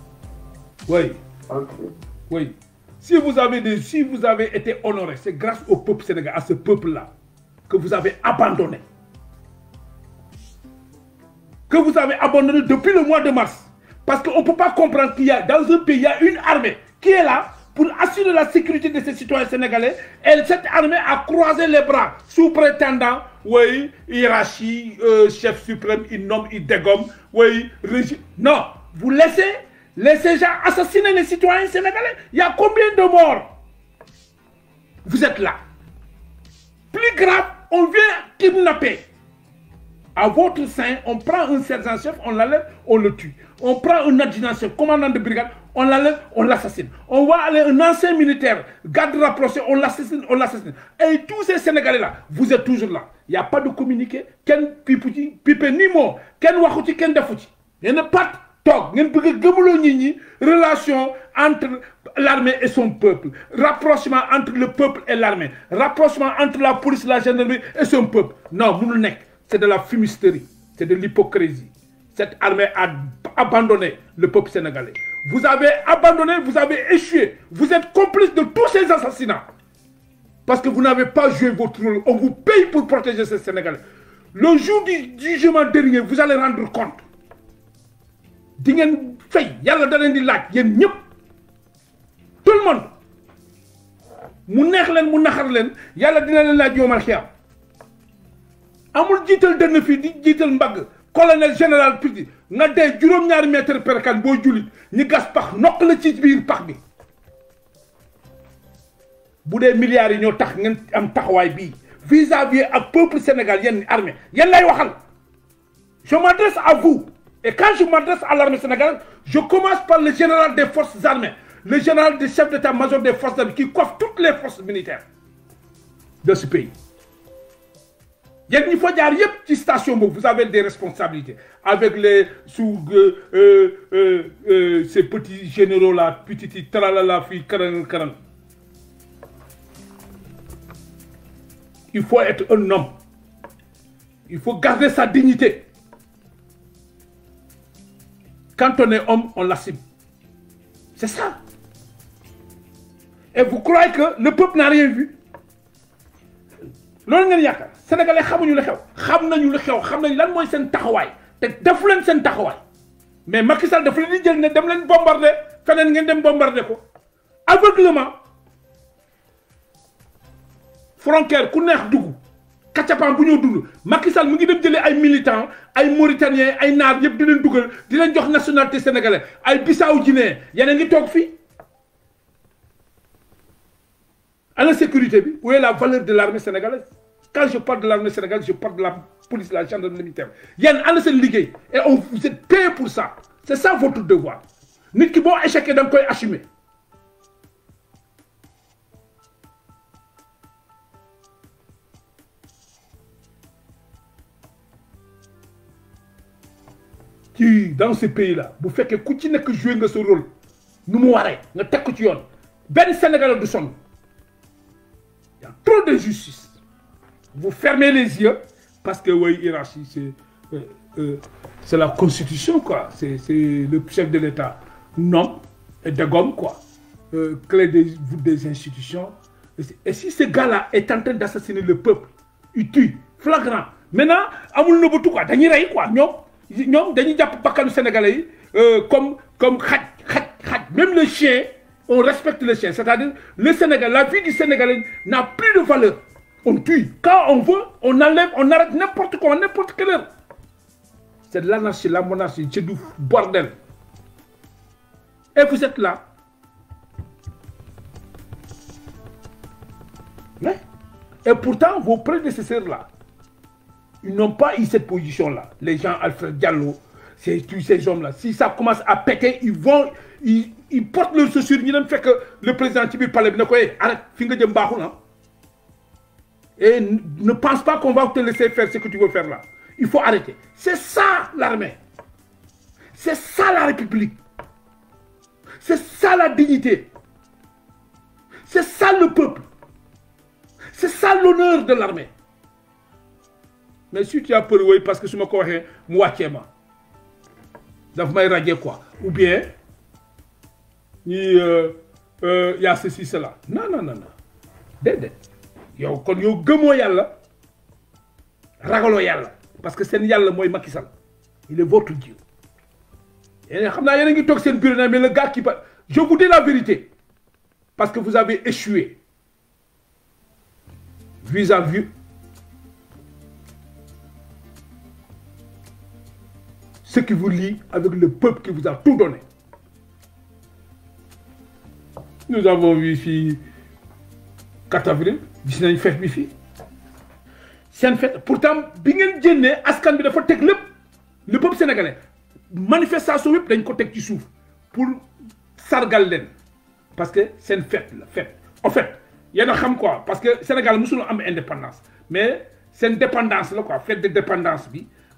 Oui. Oui. Si vous, avez si vous avez été honoré, c'est grâce au peuple sénégalais, à ce peuple-là, que vous avez abandonné. Que vous avez abandonné depuis le mois de mars. Parce qu'on ne peut pas comprendre qu'il y a dans un pays, il y a une armée qui est là pour assurer la sécurité de ses citoyens sénégalais. Et cette armée a croisé les bras sous prétendant, oui, hiérarchie, euh, chef suprême, il nomme, il dégomme, oui, régime. Non, vous laissez, laissez gens assassiner les citoyens sénégalais. Il y a combien de morts Vous êtes là. Plus grave, on vient kidnapper. À votre sein, on prend un sergent-chef, on l'enlève, on le tue. On prend un adjudant-chef, commandant de brigade, on l'enlève, on l'assassine. On voit aller un ancien militaire, garde rapproché, on l'assassine, on l'assassine. Et tous ces Sénégalais-là, vous êtes toujours là. Il n'y a pas de communiqué, ken pipe ni mot, ken wakouti, ken dafouti. Il n'y en a pas donc, relation entre l'armée et son peuple rapprochement entre le peuple et l'armée rapprochement entre la police la gendarmerie et son peuple non vous pas. c'est de la fumisterie c'est de l'hypocrisie cette armée a abandonné le peuple sénégalais vous avez abandonné vous avez échoué vous êtes complice de tous ces assassinats parce que vous n'avez pas joué votre rôle on vous paye pour protéger ces Sénégalais le jour du jugement dernier vous allez rendre compte di ngeen fay yàlla da di laaj yéen ñëpp tout le mu neex leen mu naxar leen yàlla dina leen laaj yoomal am amul jiital dënn fii di jiital mbagg colonel général Piti nga dee juróom-ñaari mètre perkan boo jullit ñi gas pax nokk la ci biir pax bi bu dee milliards yi ñoo tax ngeen am taxawaay bii vis à ak peuple Sénégal yenn armée yéen lay waxal je m'adresse à vous Et quand je m'adresse à l'armée sénégalaise, je commence par le général des forces armées, le général des chefs d'état-major des forces armées, qui coiffe toutes les forces militaires de ce pays. Il faut rien petite station, vous avez des responsabilités. Avec les sous, euh, euh, euh, ces petits généraux-là, petits tralala, fille, Il faut être un homme. Il faut garder sa dignité. Quand on est homme, on l'accepte. C'est ça. Et vous croyez que le peuple n'a rien vu loolu ngeen yaakaar sénégalais xamuñu la xew xam nañu la xew xam nañ lan mooy seen taxawaay te def leen seen taxawaay mais Macky Sall daf leen di jël ne dem leen bombardé feneen ngeen dem bombardé ko aveuglement frontière ku neex dugg kacapan bu ñëw dund Macky Sall mu ngi dem jëlee ay militants ay Mauritaniens ay naar yëpp di leen dugal di leen jox nationalité sénégalaise ay Bissau yéen ngi toog fi à la sécurité bi où est la valeur de l'armée sénégalaise quand je parle de l'armée sénégalaise je parle de la police la gendarmerie militaire yéen la seen liggéey et on vous êtes payé pour ça c'est ça votre devoir nit ki boo échequé da nga koy assumé. dans ce pays là vous faites que vous que jouer de ce rôle Nous mu nous nga y a trop de justice. vous fermez les yeux parce que oui c'est euh, euh, c'est la constitution quoi c'est le chef de l'État non et gomme, quoi euh, clé des institutions et si ce gars-là est en train d'assassiner le peuple il tue flagrant maintenant Amoul tout quoi dañuy quoi ñoom dañuy jàpp bakkanu sénégalais yi euh, comme comme xaj xaj xaj même le chien on respecte le chien c'est-à-dire le Sénégal la vie du sénégalais n'a plus de valeur on tue quand on veut on enlève on arrête n'importe quoi n'importe quelle heure c'est de l'anarchie la monarchie c'est du bordel et vous êtes là et pourtant vos prédécesseurs là ils n'ont pas eu cette position-là. Les gens, Alfred Diallo, tous ces hommes-là. Si ça commence à péter, ils vont, ils, portent le chaussure. Ils ne fait que le président Tibi parle eh, arrête, le hein. de Et ne pense pas qu'on va te laisser faire ce que tu veux faire là. Il faut arrêter. C'est ça l'armée. C'est ça la République. C'est ça la dignité. C'est ça le peuple. C'est ça l'honneur de l'armée mais si tu as peur oui, parce que su ma ko waxee mu wàccee ma may radier quoi ou bien il euh, euh, y a ceci cela non non non non y a kon yow un yalla. ragaloo yalla. parce que seen yalla, moi Macky Sall il est votre Dieu Et je sais yéen a ngi une seen bureau mais le gars qui parle je vous dis la vérité parce que vous avez échoué vis-à-vis ce qui vous lie avec le peuple qui vous a tout donné. Nous avons vu ici 4 avril, gis fête une C'est fête pourtant bi vous jëndee askan bi dafa le peuple sénégalais manifestation y a ko teg ci suuf pour sargal parce que une fête la fête en fait il y a xam quoi parce que Sénégal mosul am indépendance mais cette dépendance là quoi fête de dépendance bi.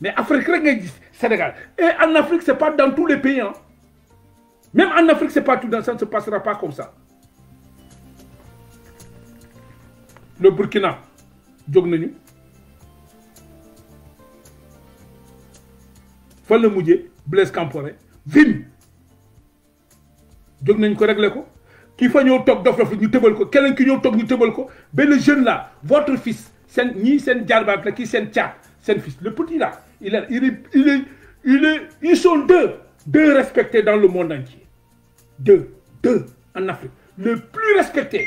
mais Afrique c'est Sénégal et en Afrique c'est pas dans tous les pays hein même en Afrique c'est pas tout dans ça ne se passera pas comme ça le Burkina jóg nañu la Blaise Camporé, vim jóg nañ ko Qui ko kii fa ñëw toog dof Qui ñu tëbal ko keneen ki ñëw toog ñu jeune là votre fils ni ñii seen qui la un fils le petit là ils sont deux. Deux respectés dans le monde entier. Deux. Deux en Afrique. Les plus respectés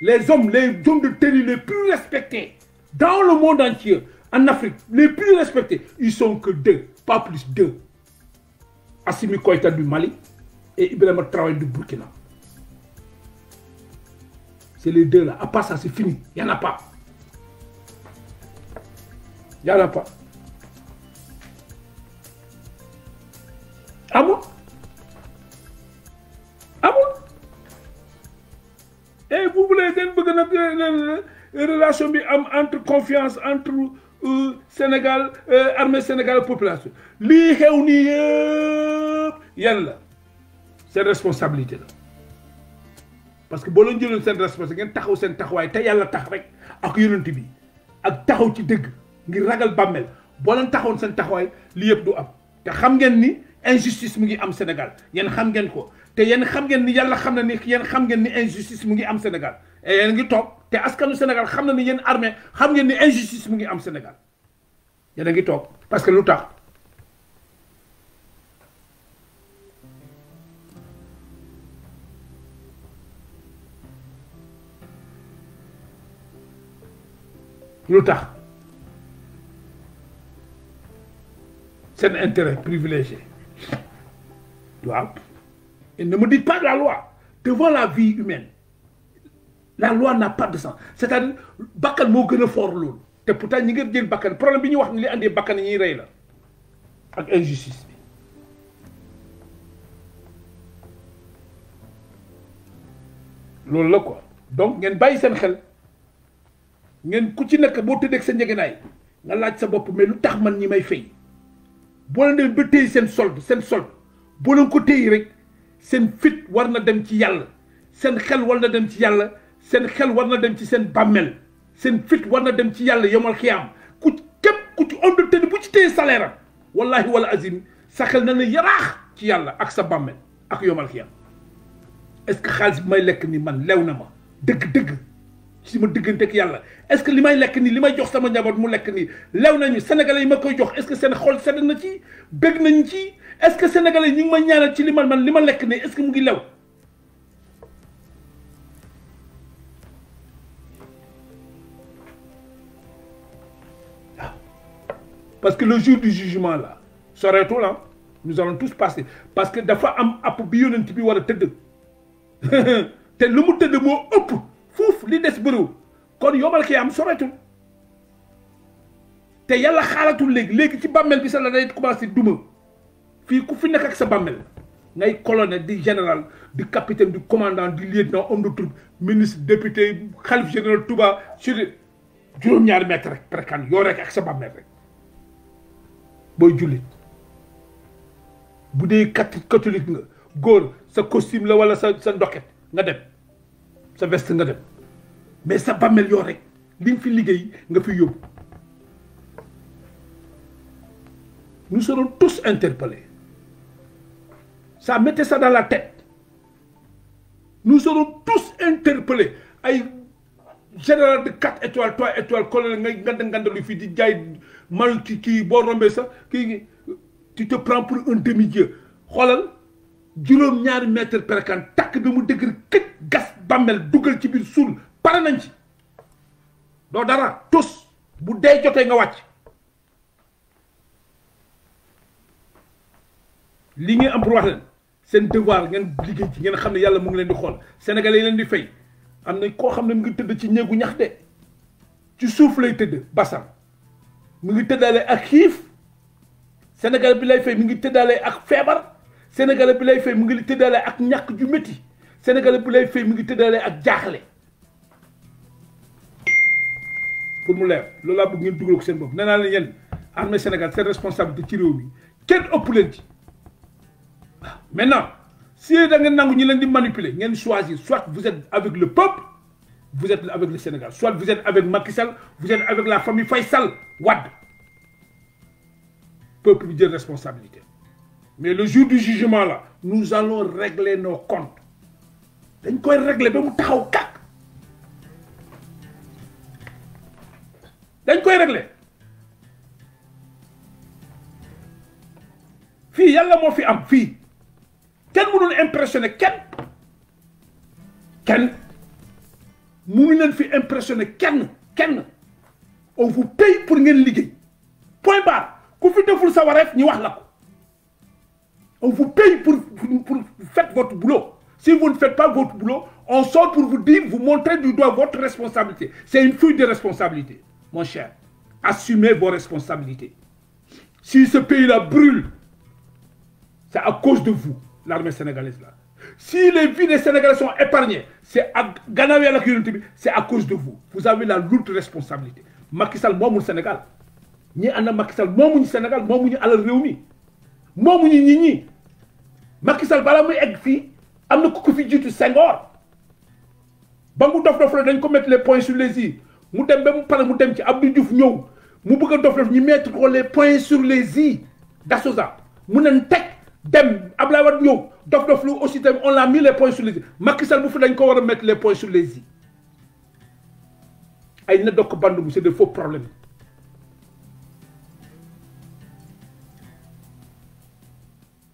Les hommes, les hommes de télé les plus respectés dans le monde entier. En Afrique, les plus respectés. Ils sont que deux. Pas plus deux. Assimi Koïta du Mali et Ibrahim Traoré du Burkina. C'est les deux là. À part ça, c'est fini. Il n'y en a pas. Il n'y en a pas. À moi À moi Et vous voulez une euh, euh, euh, relation entre confiance, entre Sénégal, armée Sénégal et population. Li xewni yalla c'est responsabilité parce que si vous avez une responsabilité taxaw vous tax ak taxaw ci ngir ragal li ni injustice mu am Sénégal yéen xam ngeen ko te yéen xam ngeen ni yalla xam na ni yéen xam ngeen ni injustice mu ngi am Sénégal Y'en ngi tok te askanu Sénégal xam na ni y'en armée xam ngeen ni injustice mu am Sénégal Y'en a ngi tok parce que lu tax lu intérêt privilégié et ne me dites pas de la loi. Devant la vie humaine, la loi n'a pas de sens. C'est-à-dire, bakkan fort l'eau. te pourtant bakkan problème bi ñuy ni li bakkan injustice quoi donc ngeen bàyyi seen xel ngeen ku ci nekk boo tëddeeg sa nga laaj sa mais lu tax man ñi may fay boo leen ko téye rek seen fit war na dem ci yàlla seen xel war na dem ci yàlla seen xel war na dem ci seen bàmmeel seen fit war na dem ci yàlla yomal xiyaam ku képp ku ci onde te bu ci téye salaire am wallahi wala azim sa xel na na yaraax ci yàlla ak sa bàmmeel ak yomal xiyaam est-ce que xaalis bi may lekk nii man lew na ma dëgg-dëgg ci ma diggante ak yàlla est-ce que li may lekk nii li may jox sama njaboot mu lekk nii lew nañu sénégalais yi ma koy jox est-ce que seen xol sedd na ci bëgg nañ ci est-ce que sénégalais ne ma ñaanal que je man là, est-ce que mu ngi ah. parce que le jour du jugement là de là nous allons tous passer parce que dafa am app bi yonent bi a tëdd un <laughs> lu de temps. il y li des kon yomal am ci bi la de fii ku fi nekk ak sa colonel général di capitaine di commandant di lieutenant homme de troupe ministre député xalif général Touba sur mètre rek ak sa catholique nga sa costume la wala sa sa nga sa veste mais sa pas yoo rek li fi nous serons tous interpellés ça mettez ça dans la tête nous serons tous interpellés ay général de 4 étoiles 3 étoiles colonel tu te prends pour un demi-dieu xoolal juróom mètre perkan tak bi mu gas ci bir ci do dara tous. nga li pour sen devoir ngeen ligge ci ngeen xamne yalla mo ngi len di xol sénégalais yi leen di fay amna ko xamne mu ngi teud ci ñeegu ñax de ci souf lay teud basam mu ngi teudale ak xif sénégal bi lay fay mu ngi teudale ak feebar sénégal bi lay fay mu ngi teudale ak ñak ju metti sénégal bi lay fay mu ngi teudale ak jaxlé pour mu leer lola bu ngeen duggal ko seen bop nee la ñen armée sénégal responsable de ci réew mi kenn ëpp ci maintenant si vous êtes ñi leen manipuler choisir soit vous êtes avec le peuple vous êtes avec le Sénégal soit vous êtes avec Macky Sall vous êtes avec la famille Faisal peuple vous responsabilité mais le jour du jugement là nous allons régler nos comptes Vous koy régler ba mu taxaw kak régler? koy régler fii yàlla moo fi am quel mënul impressionné quel, quel mënu leen fi impressionné kenn kenn on vous paye pour ngeen liggéey point barre ku fi deful sa on vous paye pour pour faites votre boulot si vous ne faites pas votre boulot on sort pour vous dire vous montrer du doigt votre responsabilité c'est une fuite de responsabilité mon cher assumez vos responsabilités si ce pays-là brûle c'est à cause de vous l'armée sénégalaise là. Si les vies des Sénégalais sont épargnées, c'est à c'est à cause de vous. Vous avez la lourde responsabilité. Macky Sall, moi, mon Sénégal. Ni Anna Macky Sall, moi, mon Sénégal, moi, mon Al Réumi. Moi, mon Nini. Macky Sall, bala muy egg fii am na ku ko fi jiitu Senghor ba dof dof la dañ ko mettre les points sur les i mu dem ba mu pare mu dem ci Abdou Diouf ñëw mu bëgg dof dof ñu mettre ko les points sur les i Dasosa mu ne dem Ablaye Wade ñëw dof dof lu aussi tamit on a mis les points sur les i Macky Sall bu fi dañ ko war a mettre les points sur les i ay na dokk bandu c'est de faux problèmes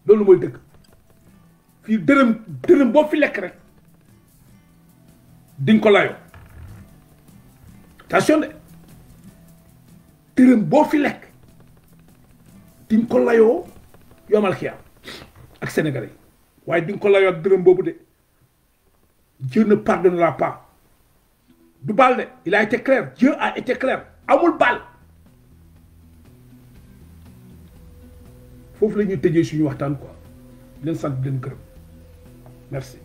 loolu mooy dëgg fii dërëm dërëm boo fi lekk rek di ko laayoo attention de dërëm boo fi lekk di ko layoo yomal xiyaam ak sénégalais waaye di nga ko layoot dërëm boobu de Dieu ne pardonnera pas du balde, il a été clair Dieu a été clair amul bal. foofu la ñuy tëjee suñu waxtaan quoi di leen sant di leen gërëm merci.